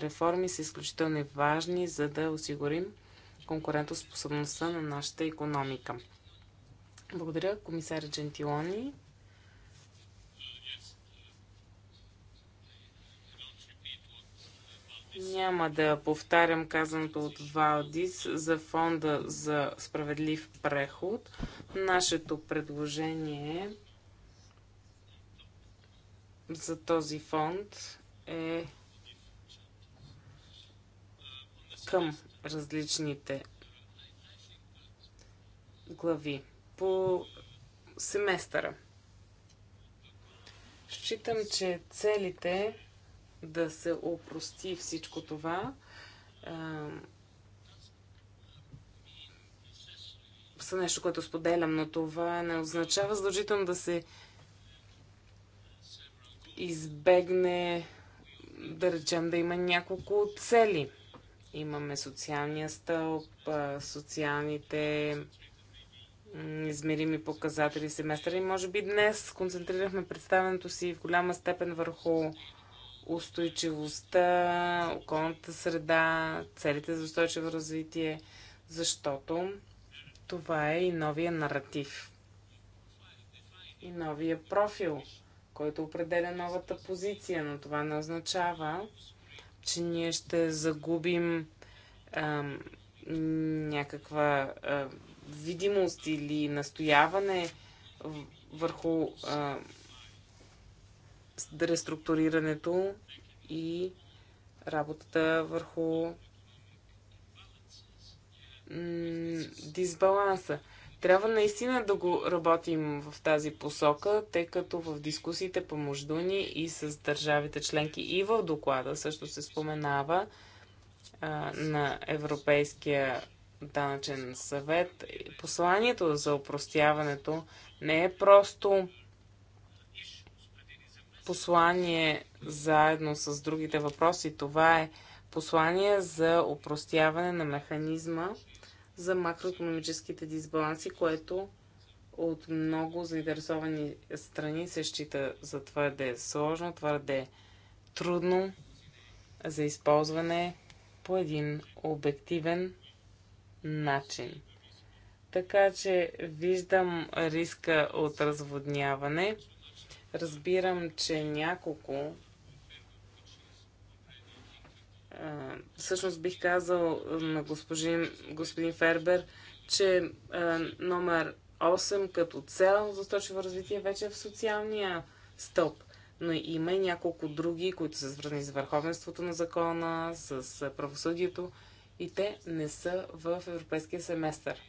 реформи са изключително важни, за да осигурим конкурентоспособността на нашата економика. Благодаря, комисаря Джентилони. Няма да повтарям казаното от Валдис за фонда за справедлив преход. Нашето предложение е за този фонд е към различните глави по семестъра. Считам, че целите да се опрости всичко това. са нещо, което споделям, но това не означава задължително да се избегне, да речем, да има няколко цели. Имаме социалния стълб, социалните измерими показатели семестъра и може би днес концентрирахме представенето си в голяма степен върху устойчивостта, околната среда, целите за устойчиво развитие, защото това е и новия наратив. И новия профил, който определя новата позиция, но това не означава, че ние ще загубим ам, някаква а, видимост или настояване върху реструктурирането и работата върху дисбаланса. Трябва наистина да го работим в тази посока, тъй като в дискусиите помежду ни и с държавите членки и в доклада също се споменава а, на Европейския данъчен съвет. Посланието за упростяването не е просто послание заедно с другите въпроси. Това е послание за упростяване на механизма за макроекономическите дисбаланси, което от много заинтересовани страни се счита за твърде сложно, твърде трудно за използване по един обективен начин. Така че виждам риска от разводняване Разбирам, че няколко всъщност бих казал на господин, господин Фербер, че а, номер 8 като цел за устойчиво развитие вече е в социалния стълб. Но има и няколко други, които са свързани с върховенството на закона, с правосъдието и те не са в европейския семестър.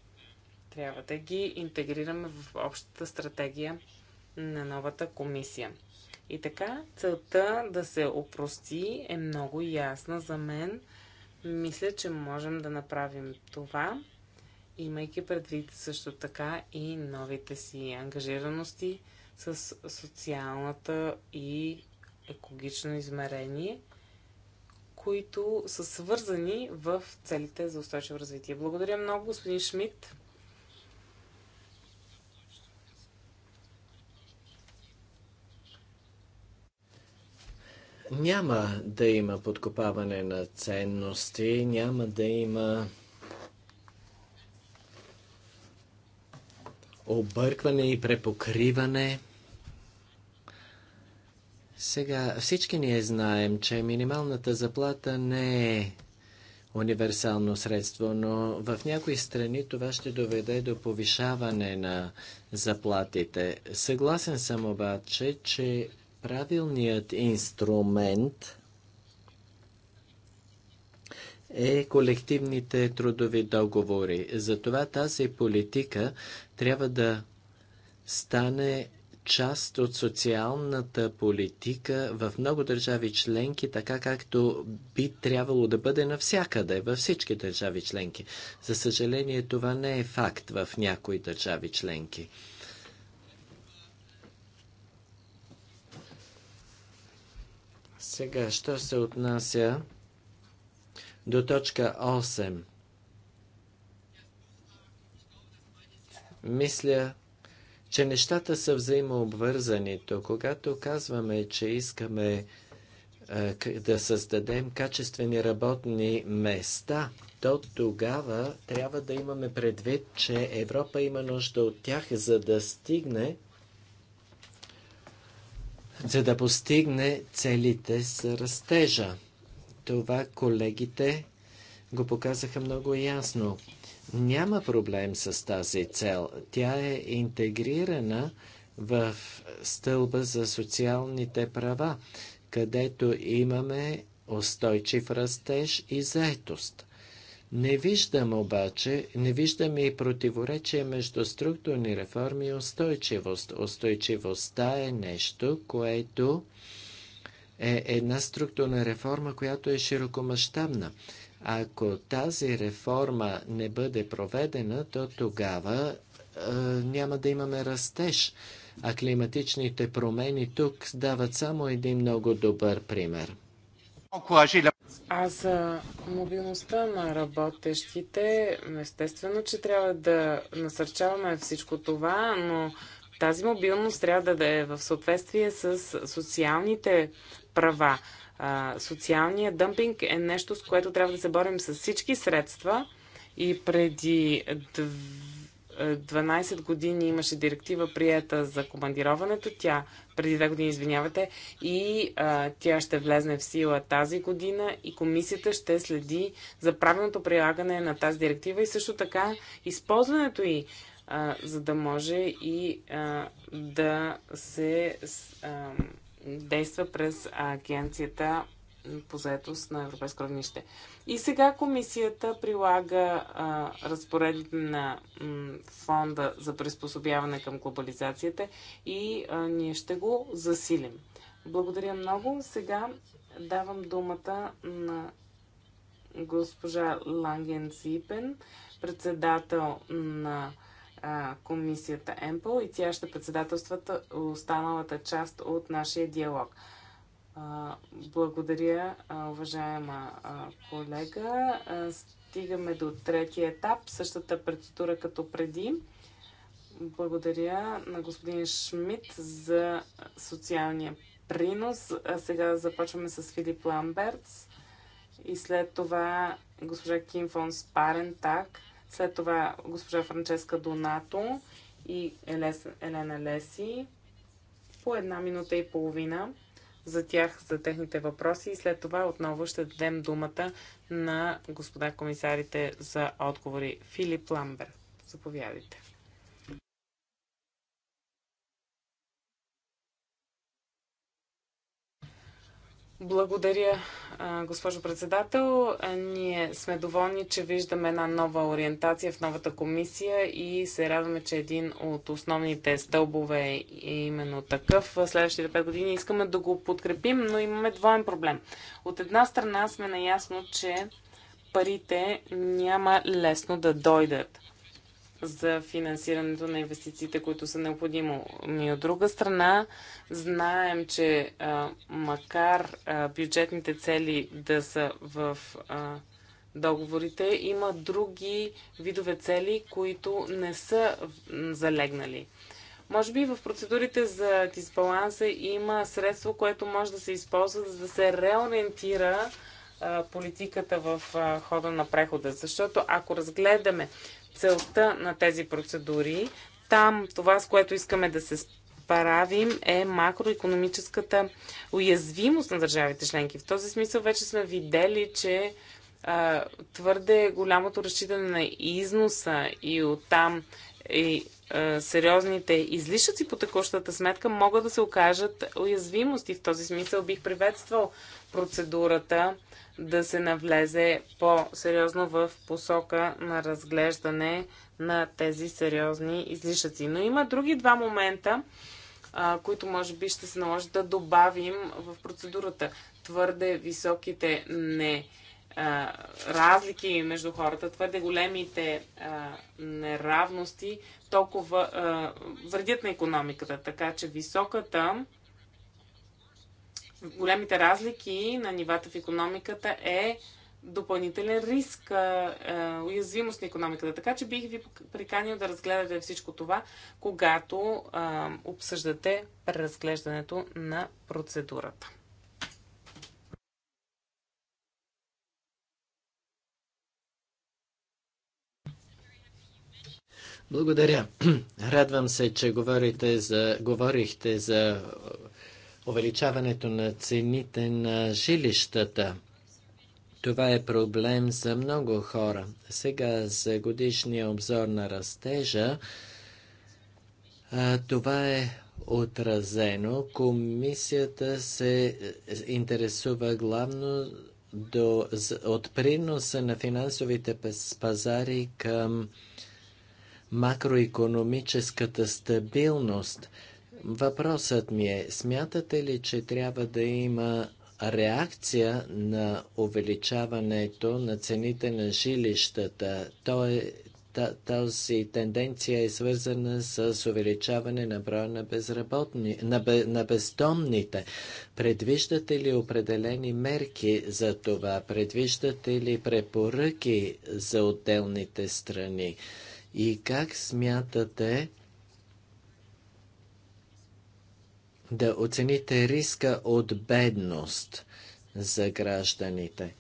Трябва да ги интегрираме в общата стратегия на новата комисия. И така, целта да се опрости е много ясна за мен. Мисля, че можем да направим това, имайки предвид също така и новите си ангажираности с социалната и екологично измерение, които са свързани в целите за устойчиво развитие. Благодаря много, господин Шмидт. Няма да има подкопаване на ценности, няма да има объркване и препокриване. Сега всички ние знаем, че минималната заплата не е универсално средство, но в някои страни това ще доведе до повишаване на заплатите. Съгласен съм обаче, че Правилният инструмент е колективните трудови договори. Затова тази политика трябва да стане част от социалната политика в много държави членки, така както би трябвало да бъде навсякъде, във всички държави членки. За съжаление, това не е факт в някои държави членки. Сега, що се отнася до точка 8? Мисля, че нещата са взаимообвързани. То когато казваме, че искаме е, да създадем качествени работни места, то тогава трябва да имаме предвид, че Европа има нужда от тях, за да стигне за да постигне целите с растежа. Това колегите го показаха много ясно. Няма проблем с тази цел. Тя е интегрирана в стълба за социалните права, където имаме устойчив растеж и заетост. Не виждам обаче, не виждам и противоречие между структурни реформи и устойчивост. Устойчивостта е нещо, което е една структурна реформа, която е широкомащабна. Ако тази реформа не бъде проведена, то тогава е, няма да имаме растеж. А климатичните промени тук дават само един много добър пример. А за мобилността на работещите, естествено, че трябва да насърчаваме всичко това, но тази мобилност трябва да е в съответствие с социалните права. Социалният дъмпинг е нещо, с което трябва да се борим с всички средства. И преди 12 години имаше директива приета за командироването. Тя преди две години, извинявате, и а, тя ще влезне в сила тази година и комисията ще следи за правилното прилагане на тази директива и също така използването и, а, за да може и а, да се а, действа през агенцията по заетост на европейско равнище. И сега комисията прилага разпоредите на м, фонда за приспособяване към глобализацията и а, ние ще го засилим. Благодаря много. Сега давам думата на госпожа Ланген Ципен, председател на а, комисията ЕМПЛ и тя ще председателствата останалата част от нашия диалог. Благодаря, уважаема колега. Стигаме до третия етап, същата процедура като преди. Благодаря на господин Шмидт за социалния принос. А сега започваме с Филип Ламбертс и след това госпожа Ким фон Спарентак, след това госпожа Франческа Донато и Елена Леси по една минута и половина за тях, за техните въпроси и след това отново ще дадем думата на господа комисарите за отговори. Филип Ламбер, заповядайте. Благодаря, госпожо председател. Ние сме доволни, че виждаме една нова ориентация в новата комисия и се радваме, че един от основните стълбове е именно такъв. В следващите пет години искаме да го подкрепим, но имаме двоен проблем. От една страна сме наясно, че парите няма лесно да дойдат за финансирането на инвестициите, които са необходимо. и от друга страна, знаем, че а, макар а, бюджетните цели да са в а, договорите, има други видове цели, които не са залегнали. Може би в процедурите за дисбаланса има средство, което може да се използва, за да се реориентира политиката в хода на прехода. Защото ако разгледаме целта на тези процедури. Там това, с което искаме да се правим е макроекономическата уязвимост на държавите членки. В този смисъл вече сме видели, че а, твърде голямото разчитане на износа и оттам и, а, сериозните излишъци по текущата сметка могат да се окажат уязвимости. В този смисъл бих приветствал процедурата да се навлезе по-сериозно в посока на разглеждане на тези сериозни излишъци. Но има други два момента, а, които може би ще се наложи да добавим в процедурата. Твърде високите не а, разлики между хората, твърде големите а, неравности, толкова а, вредят на економиката. Така че високата големите разлики на нивата в економиката е допълнителен риск, уязвимост на економиката. Така че бих ви приканил да разгледате всичко това, когато обсъждате преразглеждането на процедурата. Благодаря. Радвам се, че говорите за, говорихте за увеличаването на цените на жилищата. Това е проблем за много хора. Сега за годишния обзор на растежа. Това е отразено. Комисията се е, интересува главно до, от приноса на финансовите пазари към макроекономическата стабилност – Въпросът ми е, смятате ли, че трябва да има реакция на увеличаването на цените на жилищата? То е, тази тенденция е свързана с увеличаване на броя на, безработни, на, бе, на бездомните. Предвиждате ли определени мерки за това? Предвиждате ли препоръки за отделните страни? И как смятате да оцените риска от бедност за гражданите.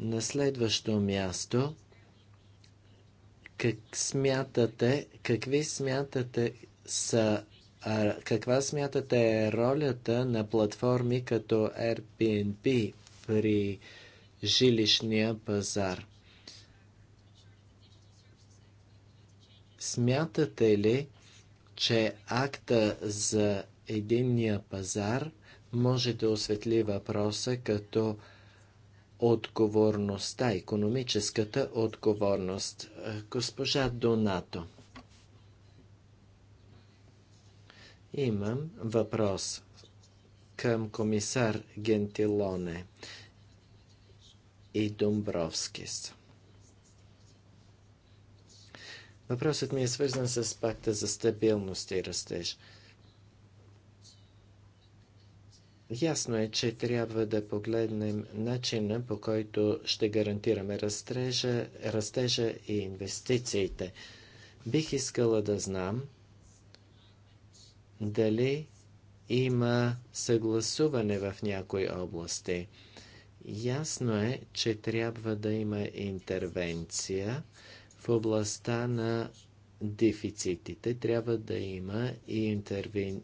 На следващо място, как смятате, какви смятате са, а, каква смятате е ролята на платформи като Airbnb при жилищния пазар? Смятате ли, че акта за единния пазар може да осветли въпроса като отговорността, економическата отговорност. Госпожа Донато. Имам въпрос към комисар Гентилоне и Домбровскис. Въпросът ми е свързан с пакта за стабилност и растеж – Ясно е, че трябва да погледнем начина по който ще гарантираме растежа, растежа и инвестициите. Бих искала да знам дали има съгласуване в някои области. Ясно е, че трябва да има интервенция в областта на дефицитите, трябва да има и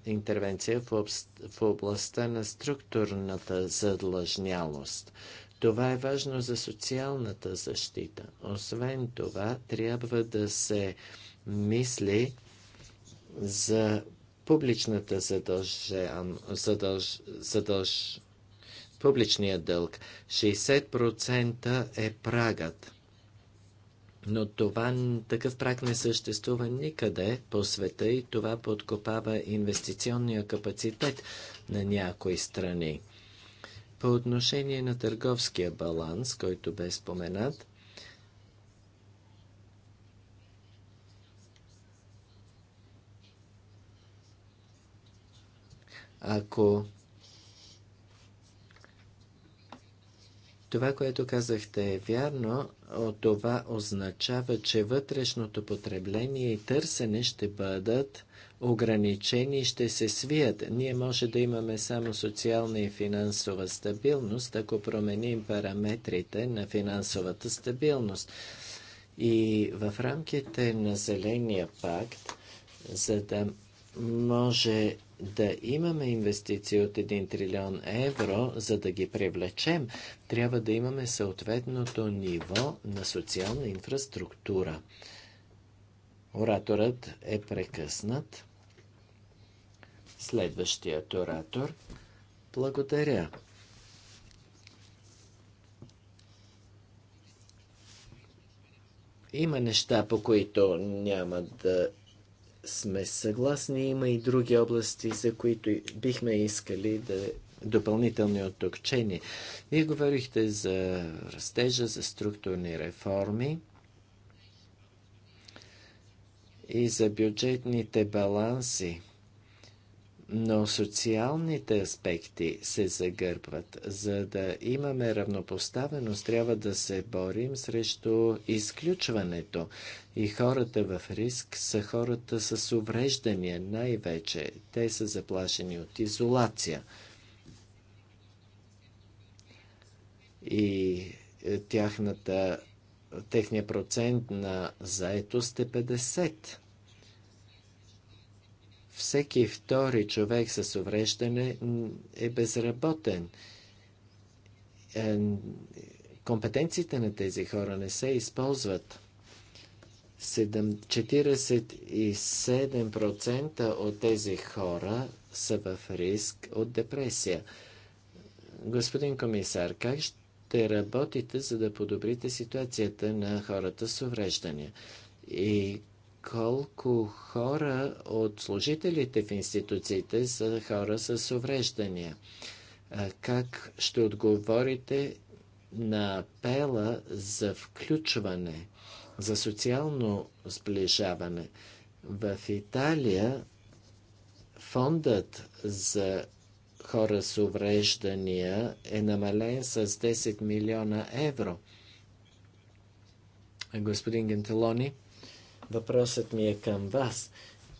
интервенция в областта на структурната задлъжнялост. Това е важно за социалната защита. Освен това, трябва да се мисли за публичната задължен, задълж, задълж, публичния дълг. 60% е прагът. Но това, такъв прак не съществува никъде по света и това подкопава инвестиционния капацитет на някои страни. По отношение на търговския баланс, който бе споменат, ако Това, което казахте е вярно, това означава, че вътрешното потребление и търсене ще бъдат ограничени и ще се свият. Ние може да имаме само социална и финансова стабилност, ако променим параметрите на финансовата стабилност. И в рамките на Зеления пакт, за да може да имаме инвестиции от 1 трилион евро, за да ги привлечем, трябва да имаме съответното ниво на социална инфраструктура. Ораторът е прекъснат. Следващият оратор. Благодаря. Има неща, по които няма да сме съгласни. Има и други области, за които бихме искали да допълнителни отокчения. Вие говорихте за растежа, за структурни реформи и за бюджетните баланси но социалните аспекти се загърбват. За да имаме равнопоставеност, трябва да се борим срещу изключването. И хората в риск са хората с увреждания най-вече. Те са заплашени от изолация. И е, тяхната, техния процент на заетост е 50. Всеки втори човек с увреждане е безработен. Е, компетенциите на тези хора не се използват. 47% от тези хора са в риск от депресия. Господин комисар, как ще работите, за да подобрите ситуацията на хората с увреждания? И колко хора от служителите в институциите са хора с увреждания. Как ще отговорите на апела за включване, за социално сближаване? В Италия фондът за хора с увреждания е намален с 10 милиона евро. Господин Гентелони, Въпросът ми е към вас.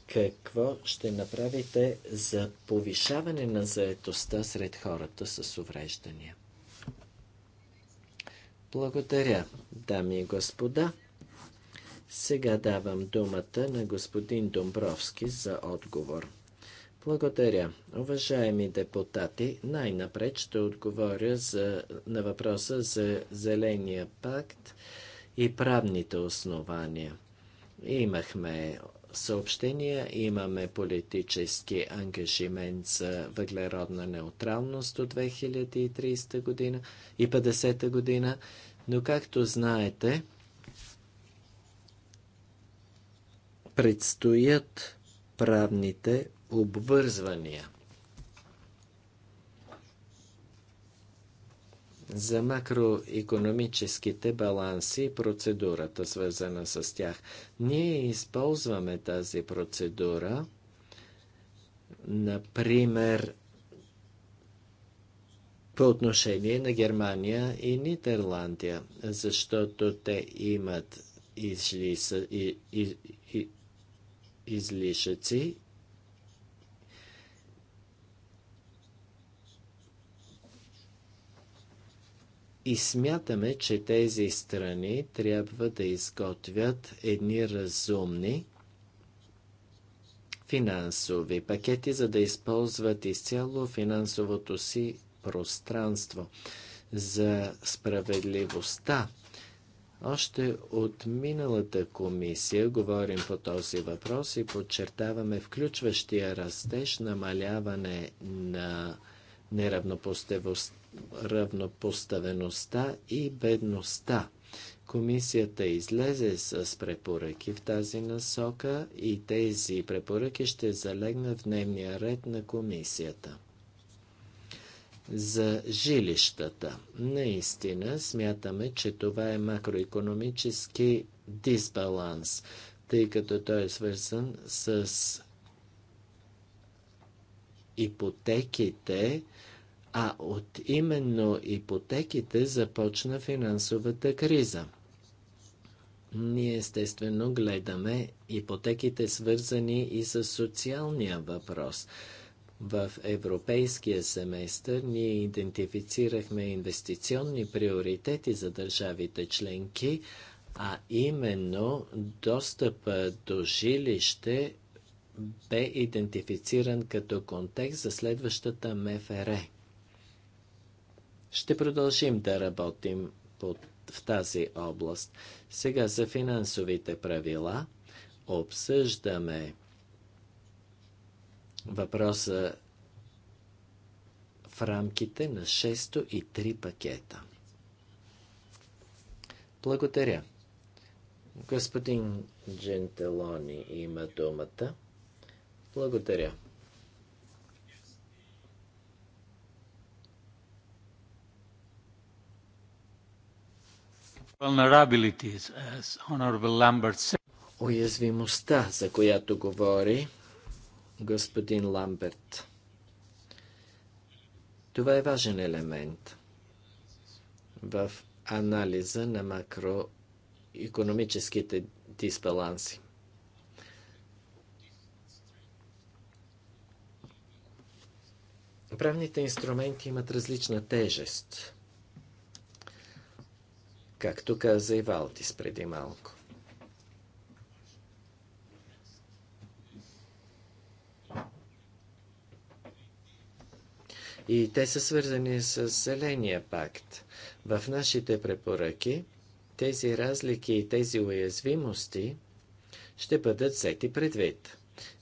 Какво ще направите за повишаване на заетостта сред хората с увреждания? Благодаря, дами и господа. Сега давам думата на господин Домбровски за отговор. Благодаря. Уважаеми депутати, най-напред ще отговоря за, на въпроса за Зеления пакт и правните основания. Имахме съобщения, имаме политически ангажимент за въглеродна неутралност до 2030 година и 50 година, но както знаете, предстоят правните обвързвания – за макроекономическите баланси и процедурата, свързана с тях. Ние използваме тази процедура, например, по отношение на Германия и Нидерландия, защото те имат излиса, и, и, и, излишъци И смятаме, че тези страни трябва да изготвят едни разумни финансови пакети, за да използват изцяло финансовото си пространство за справедливостта. Още от миналата комисия говорим по този въпрос и подчертаваме включващия растеж, намаляване на неравнопостевостта равнопоставеността и бедността. Комисията излезе с препоръки в тази насока и тези препоръки ще залегнат в дневния ред на комисията. За жилищата. Наистина смятаме, че това е макроекономически дисбаланс, тъй като той е свързан с ипотеките, а от именно ипотеките започна финансовата криза. Ние естествено гледаме ипотеките свързани и с социалния въпрос. В европейския семестър ние идентифицирахме инвестиционни приоритети за държавите членки, а именно достъпа до жилище бе идентифициран като контекст за следващата МФР. Ще продължим да работим под, в тази област. Сега за финансовите правила обсъждаме въпроса в рамките на 6 и 3 пакета. Благодаря. Господин Джентелони има думата. Благодаря. Уязвимостта, за която говори господин Ламберт. Това е важен елемент в анализа на макроекономическите дисбаланси. Правните инструменти имат различна тежест както каза и Валтис преди малко. И те са свързани с Зеления пакт. В нашите препоръки тези разлики и тези уязвимости ще бъдат взети предвид.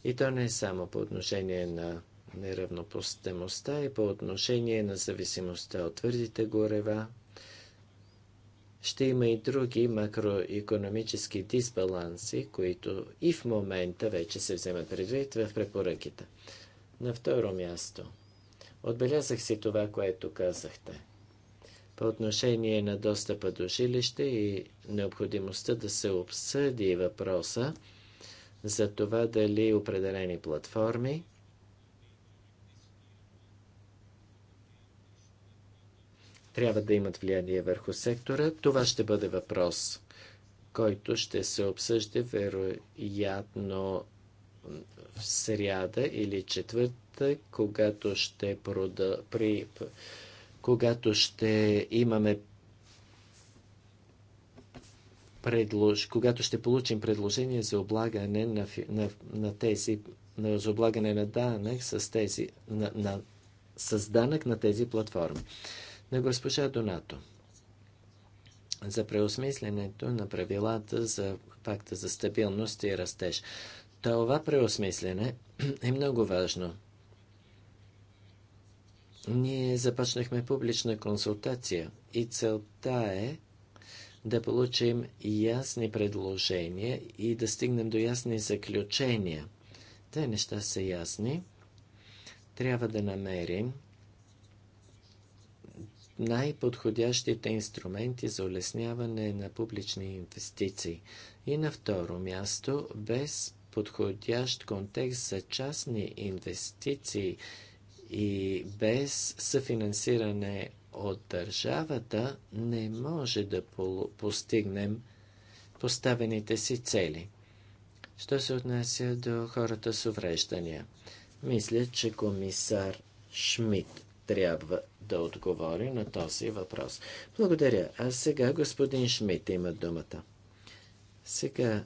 И то не е само по отношение на неравнопостемостта и по отношение на зависимостта от твърдите горева, ще има и други макроекономически дисбаланси, които и в момента вече се вземат предвид в препоръките. На второ място, отбелязах си това, което казахте. По отношение на достъпа до жилище и необходимостта да се обсъди въпроса за това дали определени платформи трябва да имат влияние върху сектора. Това ще бъде въпрос, който ще се обсъжда вероятно в сряда или четвърта, когато ще, прода, при, когато ще имаме предлож, когато ще получим предложение за облагане на, на, на тези на, за облагане на данък с тези на, на, с данък на тези платформи на госпожа Донато за преосмисленето на правилата за пакта за стабилност и растеж. Това преосмислене е много важно. Ние започнахме публична консултация и целта е да получим ясни предложения и да стигнем до ясни заключения. Те неща са ясни. Трябва да намерим най-подходящите инструменти за улесняване на публични инвестиции. И на второ място, без подходящ контекст за частни инвестиции и без съфинансиране от държавата не може да постигнем поставените си цели. Що се отнася до хората с увреждания? Мисля, че комисар Шмидт трябва да отговори на този въпрос. Благодаря. А сега господин Шмидт има думата. Сега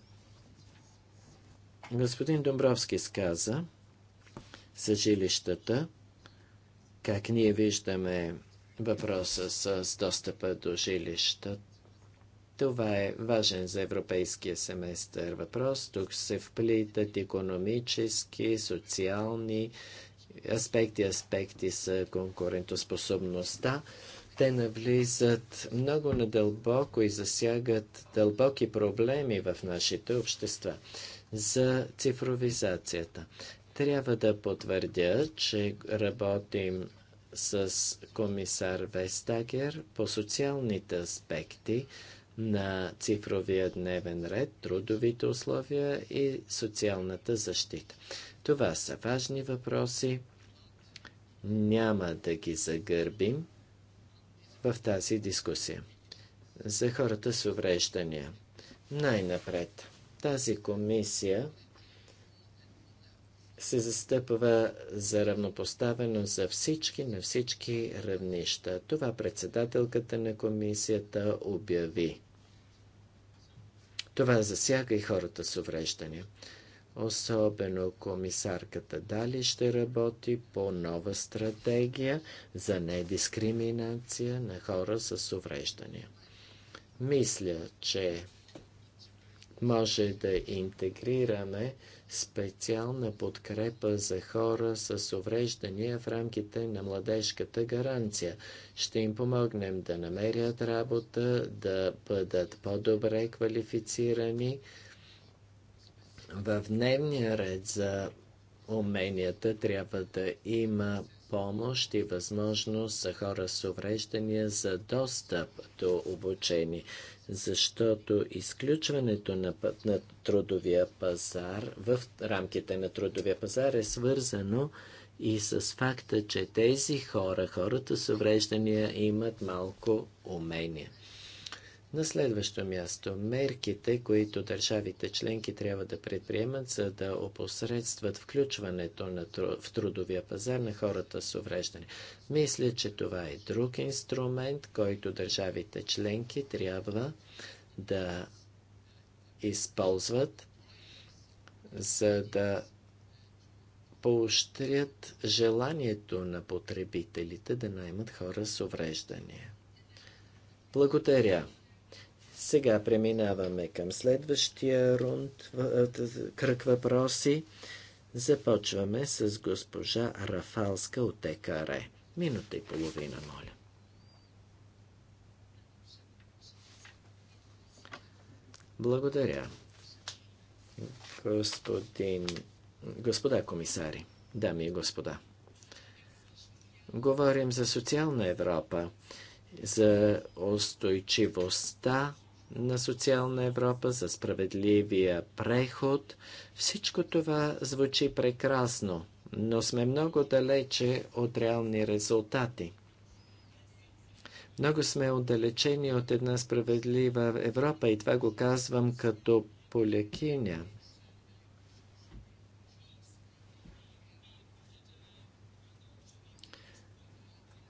господин Домбровски сказа за жилищата, как ние виждаме въпроса с достъпа до жилищата. Това е важен за европейския семестър въпрос. Тук се вплитат економически, социални, аспекти. Аспекти са конкурентоспособността. Те навлизат много надълбоко и засягат дълбоки проблеми в нашите общества. За цифровизацията. Трябва да потвърдя, че работим с комисар Вестагер по социалните аспекти на цифровия дневен ред, трудовите условия и социалната защита. Това са важни въпроси. Няма да ги загърбим в тази дискусия. За хората с увреждания. Най-напред. Тази комисия се застъпва за равнопоставено за всички на всички равнища. Това председателката на комисията обяви. Това засяга и хората с увреждания. Особено комисарката Дали ще работи по нова стратегия за недискриминация на хора с увреждания. Мисля, че може да интегрираме специална подкрепа за хора с увреждания в рамките на младежката гаранция. Ще им помогнем да намерят работа, да бъдат по-добре квалифицирани, в дневния ред за уменията трябва да има помощ и възможност за хора с увреждания за достъп до обучение, защото изключването на, на трудовия пазар в рамките на трудовия пазар е свързано и с факта, че тези хора, хората с увреждания имат малко умения. На следващо място, мерките, които държавите членки трябва да предприемат, за да опосредстват включването на тру... в трудовия пазар на хората с увреждане. Мисля, че това е друг инструмент, който държавите членки трябва да използват, за да поощрят желанието на потребителите да наймат хора с увреждания. Благодаря. Сега преминаваме към следващия рунд, кръг въпроси. Започваме с госпожа Рафалска от ЕКАРЕ. Минута и половина, моля. Благодаря. Господин... Господа комисари, дами и господа. Говорим за социална Европа, за устойчивостта на социална Европа, за справедливия преход. Всичко това звучи прекрасно, но сме много далече от реални резултати. Много сме отдалечени от една справедлива Европа и това го казвам като полякиня.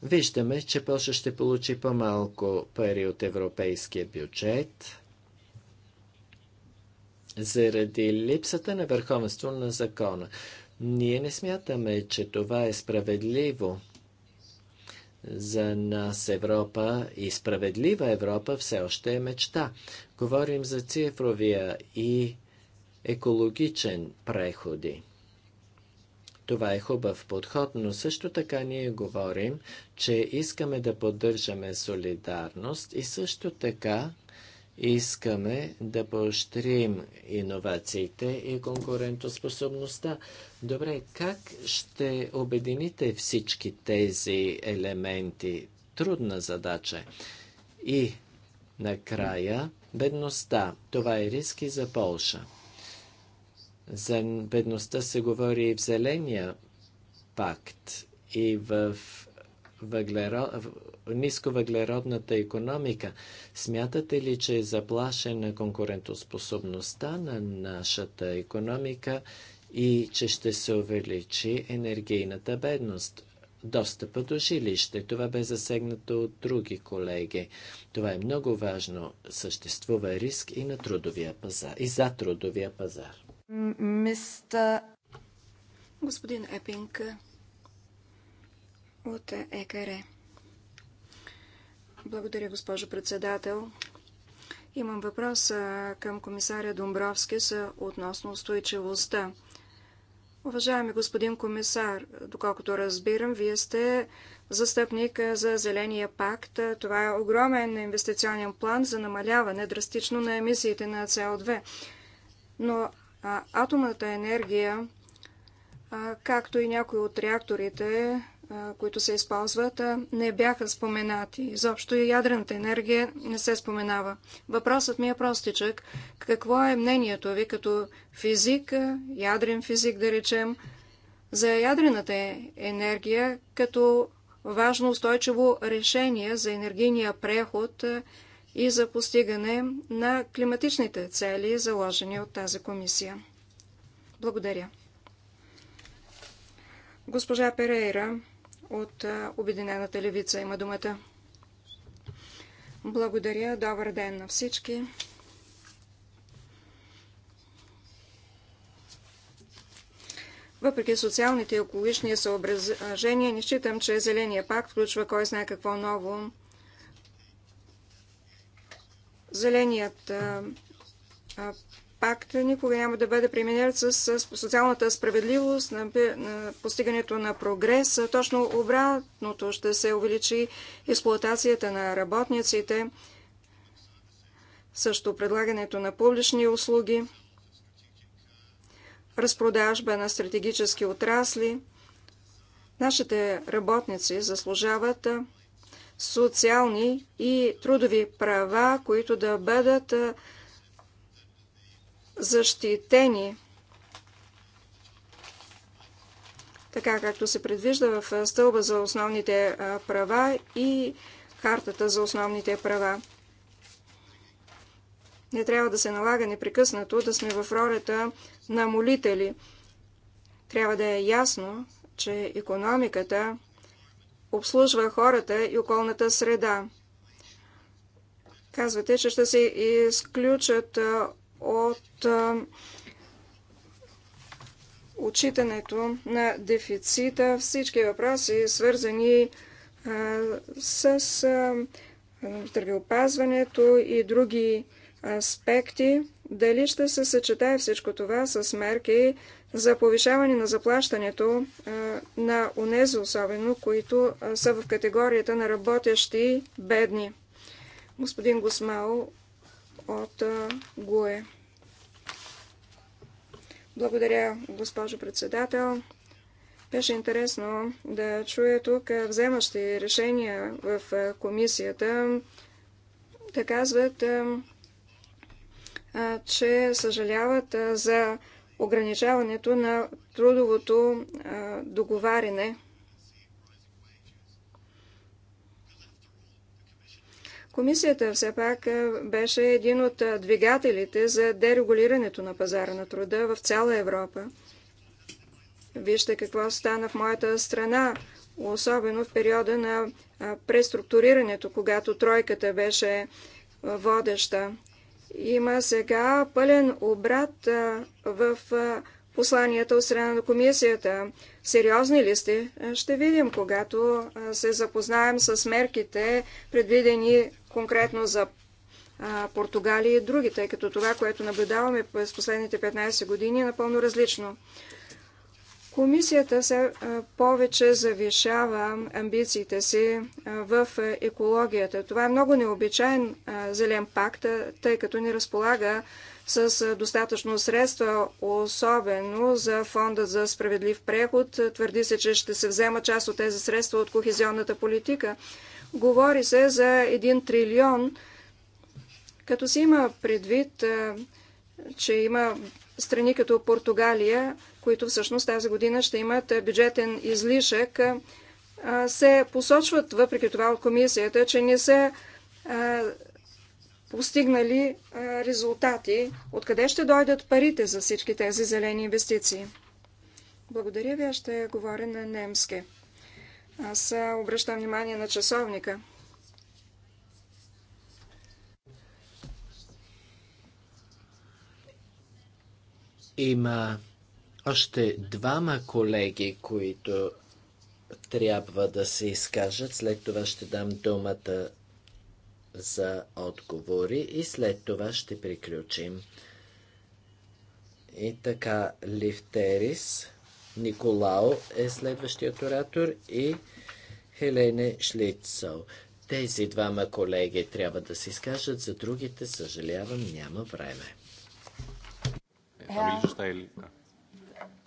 Виждаме, че Польша ще получи по-малко пари от европейския бюджет заради липсата на върховенство на закона. Ние не смятаме, че това е справедливо. За нас Европа и справедлива Европа все още е мечта. Говорим за цифровия и екологичен преходи. Това е хубав подход, но също така ние говорим, че искаме да поддържаме солидарност и също така искаме да поощрим иновациите и конкурентоспособността. Добре, как ще обедините всички тези елементи? Трудна задача. И накрая бедността. Това е риски за Полша. За бедността се говори и в Зеления пакт, и в въглеро... нисковъглеродната економика. Смятате ли, че е заплашена конкурентоспособността на нашата економика и че ще се увеличи енергийната бедност? достъпа до жилище. Това бе засегнато от други колеги. Това е много важно. Съществува риск и на трудовия пазар, и за трудовия пазар. Мистер... Господин Епинг от ЕКР. Благодаря, госпожо председател. Имам въпрос към комисаря Домбровски относно устойчивостта. Уважаеми господин комисар, доколкото разбирам, вие сте застъпник за Зеления пакт. Това е огромен инвестиционен план за намаляване драстично на емисиите на СО2. Но атомната енергия, както и някои от реакторите, които се използват, не бяха споменати. Изобщо и ядрената енергия не се споменава. Въпросът ми е простичък. Какво е мнението ви като физик, ядрен физик да речем, за ядрената енергия като важно устойчиво решение за енергийния преход – и за постигане на климатичните цели, заложени от тази комисия. Благодаря. Госпожа Перейра от Обединената левица има думата. Благодаря. Добър ден на всички. Въпреки социалните и екологични съображения, не считам, че Зеления пакт включва кой знае какво ново. Зеленият пакт никога няма да бъде применен с, социалната справедливост, на, постигането на прогрес. Точно обратното ще се увеличи експлуатацията на работниците, също предлагането на публични услуги, разпродажба на стратегически отрасли. Нашите работници заслужават социални и трудови права, които да бъдат защитени, така както се предвижда в стълба за основните права и хартата за основните права. Не трябва да се налага непрекъснато да сме в ролята на молители. Трябва да е ясно, че економиката обслужва хората и околната среда. Казвате, че ще се изключат от отчитането на дефицита всички въпроси, свързани с здравеопазването и други аспекти. Дали ще се съчетае всичко това с мерки за повишаване на заплащането е, на унези особено, които е, са в категорията на работещи бедни. Господин Госмао от е, ГУЕ. Благодаря, госпожо председател. Беше интересно да чуя тук вземащи решения в комисията. Да казват, че съжаляват за ограничаването на трудовото договаряне. Комисията все пак беше един от двигателите за дерегулирането на пазара на труда в цяла Европа. Вижте какво стана в моята страна, особено в периода на преструктурирането, когато тройката беше водеща. Има сега пълен обрат в посланията от страна на комисията. Сериозни ли сте? Ще видим, когато се запознаем с мерките, предвидени конкретно за Португалия и други, тъй като това, което наблюдаваме през последните 15 години е напълно различно. Комисията се повече завишава амбициите си в екологията. Това е много необичайен зелен пакт, тъй като не разполага с достатъчно средства, особено за фонда за справедлив преход. Твърди се, че ще се взема част от тези средства от кохезионната политика. Говори се за 1 трилион, като се има предвид, че има страни като Португалия, които всъщност тази година ще имат бюджетен излишък, се посочват въпреки това от комисията, че не са постигнали резултати. Откъде ще дойдат парите за всички тези зелени инвестиции? Благодаря ви, аз ще говоря на немски. Аз обръщам внимание на часовника. Има още двама колеги, които трябва да се изкажат. След това ще дам думата за отговори и след това ще приключим. И така, Лифтерис Николао е следващият оратор и Хелене Шлицъл. Тези двама колеги трябва да се изкажат, за другите, съжалявам, няма време. Е, ами,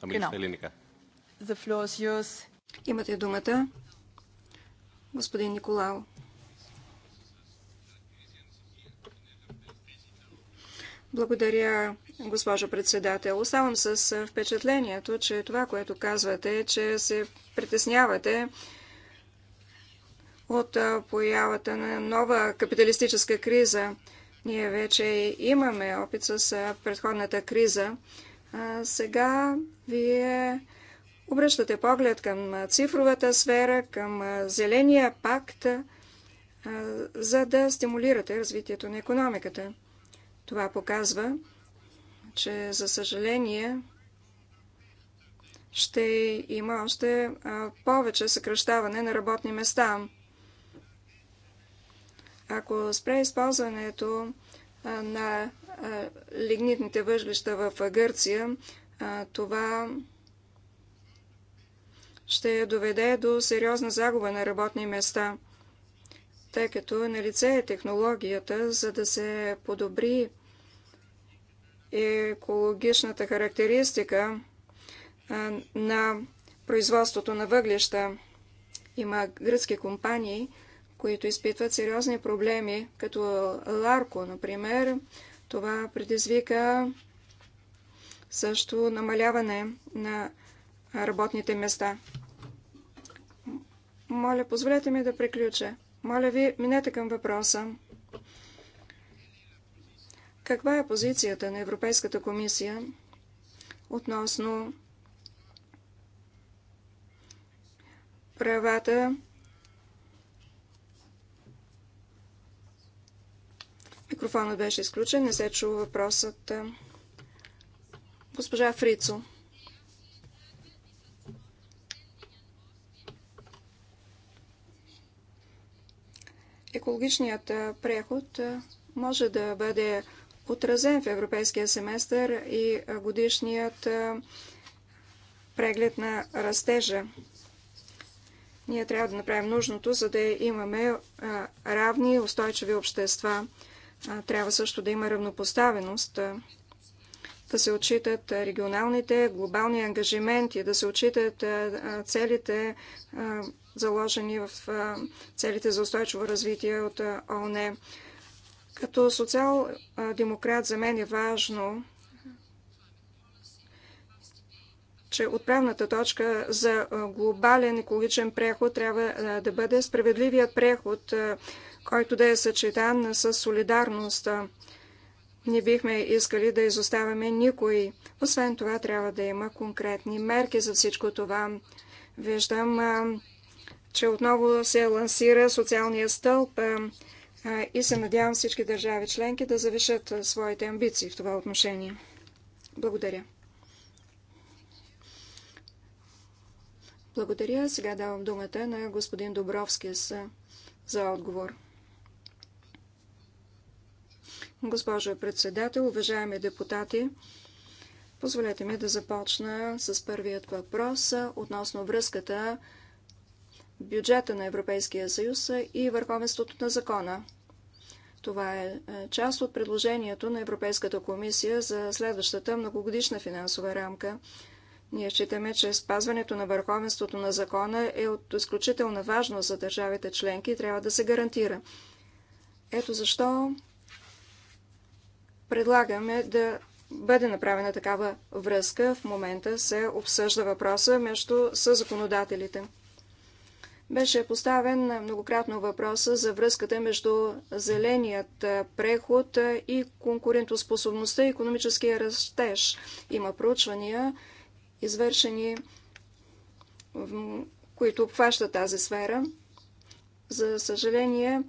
Genau. Имате думата, господин Николао. Благодаря, госпожо председател. Оставам с впечатлението, че това, което казвате, е, че се притеснявате от появата на нова капиталистическа криза. Ние вече имаме опит с предходната криза сега вие обръщате поглед към цифровата сфера, към зеления пакт, за да стимулирате развитието на економиката. Това показва, че за съжаление ще има още повече съкръщаване на работни места. Ако спре използването на лигнитните въглища в Гърция, това ще доведе до сериозна загуба на работни места, тъй като е на лице е технологията, за да се подобри екологичната характеристика на производството на въглища. Има гръцки компании, които изпитват сериозни проблеми, като Ларко, например, това предизвика също намаляване на работните места. Моля, позволете ми да приключа. Моля ви, минете към въпроса. Каква е позицията на Европейската комисия относно правата Микрофонът беше изключен, не се чува въпросът. Е, госпожа Фрицо. Екологичният е, преход е, може да бъде отразен в европейския семестър и годишният преглед на растежа. Ние трябва да направим нужното, за да имаме равни и устойчиви общества. Трябва също да има равнопоставеност, да се отчитат регионалните, глобални ангажименти, да се отчитат целите, заложени в целите за устойчиво развитие от ООН. Като социал-демократ за мен е важно че отправната точка за глобален екологичен преход трябва да бъде справедливият преход който да е съчетан с солидарността. Не бихме искали да изоставяме никой. Освен това, трябва да има конкретни мерки за всичко това. Виждам, че отново се лансира социалния стълб и се надявам всички държави членки да завишат своите амбиции в това отношение. Благодаря. Благодаря. Сега давам думата на господин Добровски за отговор. Госпожо председател, уважаеми депутати, позволете ми да започна с първият въпрос относно връзката бюджета на Европейския съюз и върховенството на закона. Това е, е част от предложението на Европейската комисия за следващата многогодишна финансова рамка. Ние считаме, че спазването на върховенството на закона е от изключителна важност за държавите членки и трябва да се гарантира. Ето защо предлагаме да бъде направена такава връзка. В момента се обсъжда въпроса между законодателите. Беше поставен многократно въпроса за връзката между зеленият преход и конкурентоспособността и економическия растеж. Има проучвания, извършени, които обхващат тази сфера. За съжаление,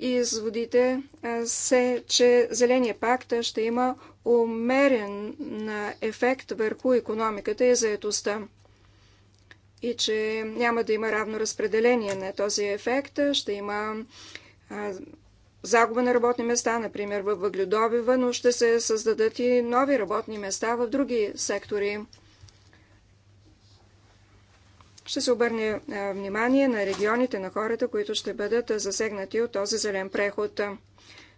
изводите се, че Зеления пакт ще има умерен ефект върху економиката и заедостта и че няма да има равно разпределение на този ефект. Ще има загуба на работни места, например във въгледобива, но ще се създадат и нови работни места в други сектори ще се обърне внимание на регионите, на хората, които ще бъдат засегнати от този зелен преход.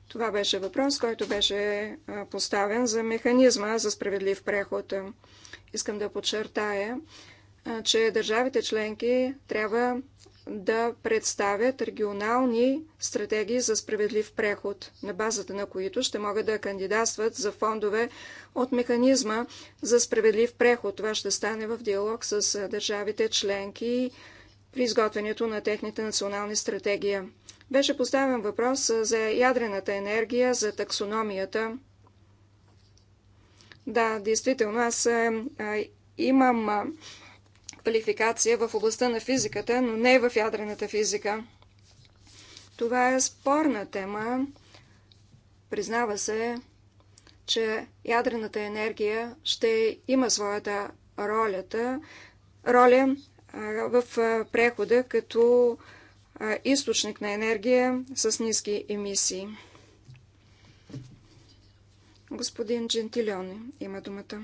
Това беше въпрос, който беше поставен за механизма за справедлив преход. Искам да подчертая, че държавите членки трябва да представят регионални стратегии за справедлив преход, на базата на които ще могат да кандидатстват за фондове от механизма за справедлив преход. Това ще стане в диалог с държавите членки при изготвянето на техните национални стратегия. Беше поставен въпрос за ядрената енергия, за таксономията. Да, действително, аз имам квалификация в областта на физиката, но не в ядрената физика. Това е спорна тема. Признава се, че ядрената енергия ще има своята ролята, роля в прехода като източник на енергия с ниски емисии. Господин Джентилиони има думата.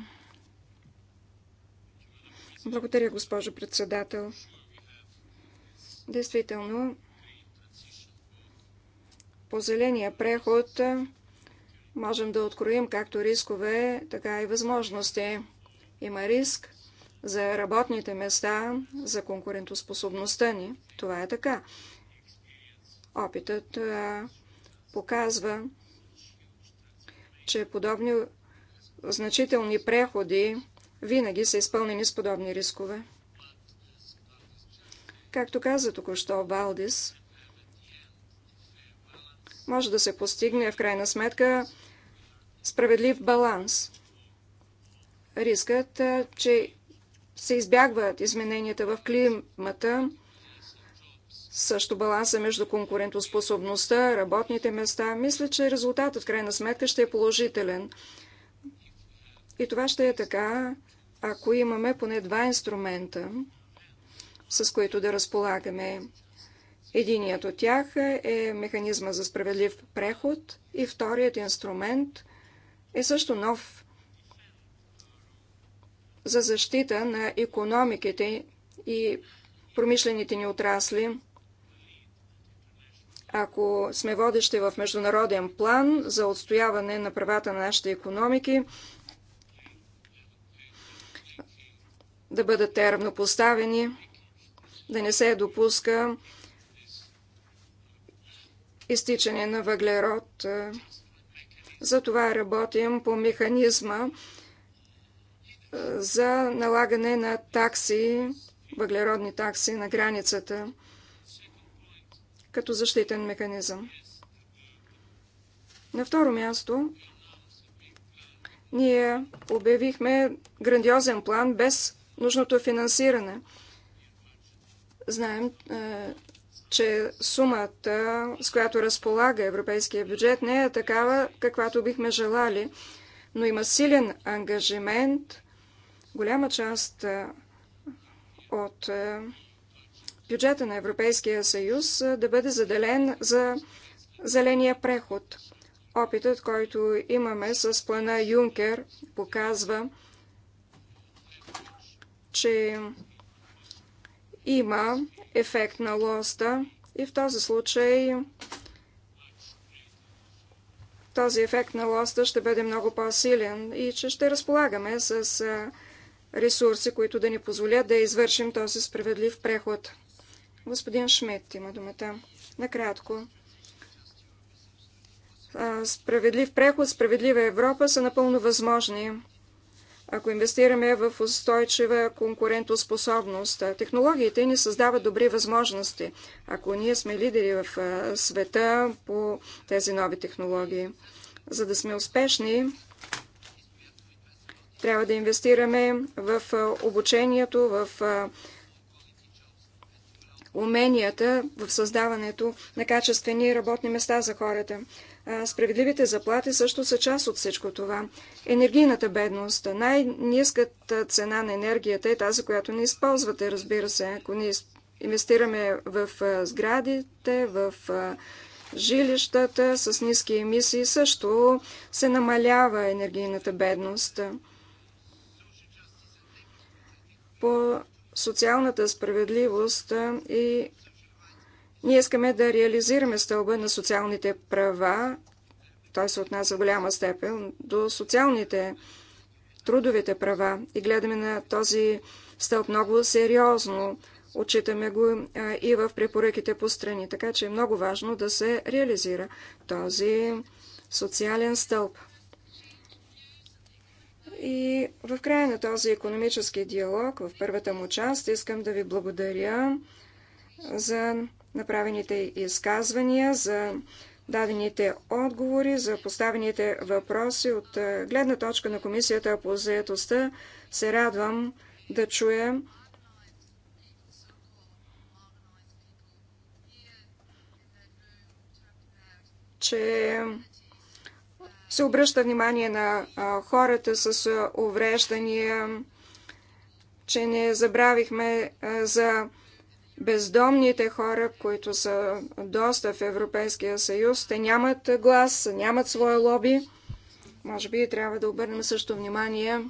Благодаря, госпожо председател. Действително, по зеления преход можем да откроим както рискове, така и възможности. Има риск за работните места, за конкурентоспособността ни. Това е така. Опитът показва, че подобни значителни преходи винаги са изпълнени с подобни рискове. Както каза току-що Валдис, може да се постигне в крайна сметка справедлив баланс. Рискът, че се избягват измененията в климата, също баланса между конкурентоспособността, работните места. Мисля, че резултатът в крайна сметка ще е положителен. И това ще е така, ако имаме поне два инструмента, с които да разполагаме. Единият от тях е механизма за справедлив преход и вторият инструмент е също нов за защита на економиките и промишлените ни отрасли. Ако сме водещи в международен план за отстояване на правата на нашите економики, да бъдат те равнопоставени, да не се допуска изтичане на въглерод. Затова работим по механизма за налагане на такси, въглеродни такси на границата като защитен механизъм. На второ място, ние обявихме грандиозен план без нужното е финансиране. Знаем, е, че сумата, с която разполага европейския бюджет, не е такава, каквато бихме желали, но има силен ангажимент. Голяма част е, от бюджета на Европейския съюз да бъде заделен за зеления преход. Опитът, който имаме с плана Юнкер, показва, че има ефект на лоста и в този случай този ефект на лоста ще бъде много по-силен и че ще разполагаме с ресурси, които да ни позволят да извършим този справедлив преход. Господин Шмидт има думата. Накратко. Справедлив преход, справедлива Европа са напълно възможни ако инвестираме в устойчива конкурентоспособност. Технологиите ни създават добри възможности, ако ние сме лидери в света по тези нови технологии. За да сме успешни, трябва да инвестираме в обучението, в уменията, в създаването на качествени работни места за хората. Справедливите заплати също са част от всичко това. Енергийната бедност, най-низката цена на енергията е тази, която не използвате, разбира се. Ако не инвестираме в сградите, в жилищата с ниски емисии, също се намалява енергийната бедност. По социалната справедливост и ние искаме да реализираме стълба на социалните права. Той се отнася в голяма степен до социалните, трудовите права и гледаме на този стълб много сериозно. Отчитаме го и в препоръките по страни, така че е много важно да се реализира този социален стълб. И в края на този економически диалог, в първата му част, искам да ви благодаря за направените изказвания, за дадените отговори, за поставените въпроси. От е, гледна точка на Комисията по заедостта се радвам да чуя че се обръща внимание на хората с увреждания, че не забравихме за бездомните хора, които са доста в Европейския съюз, те нямат глас, нямат свое лоби. Може би трябва да обърнем също внимание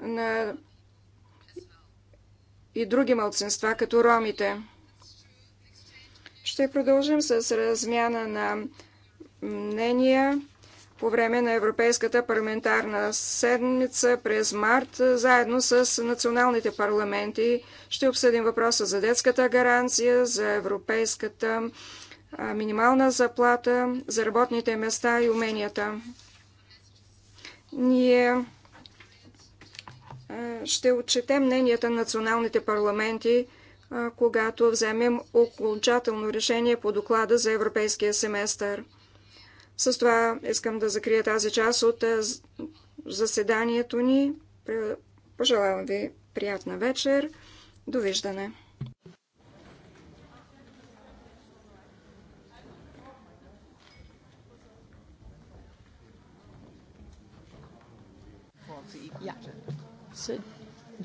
на и други мълцинства, като ромите. Ще продължим с размяна на мнения по време на Европейската парламентарна седмица през март, е, заедно с националните парламенти. Ще обсъдим въпроса за детската гаранция, за европейската минимална заплата, за работните места и уменията. Ние ще отчетем мненията на националните парламенти, когато вземем окончателно решение по доклада за европейския семестър. С това искам да закрия тази част от е, заседанието ни. Пожелавам ви приятна вечер. Довиждане!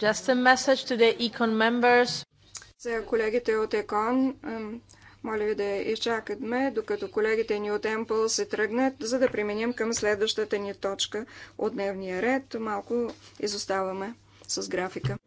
just a message to the econ members. За колегите от ЕКОН моля ви да изчакаме, докато колегите ни от Емпъл се тръгнат, за да преминем към следващата ни точка от дневния ред. Малко изоставаме с графика.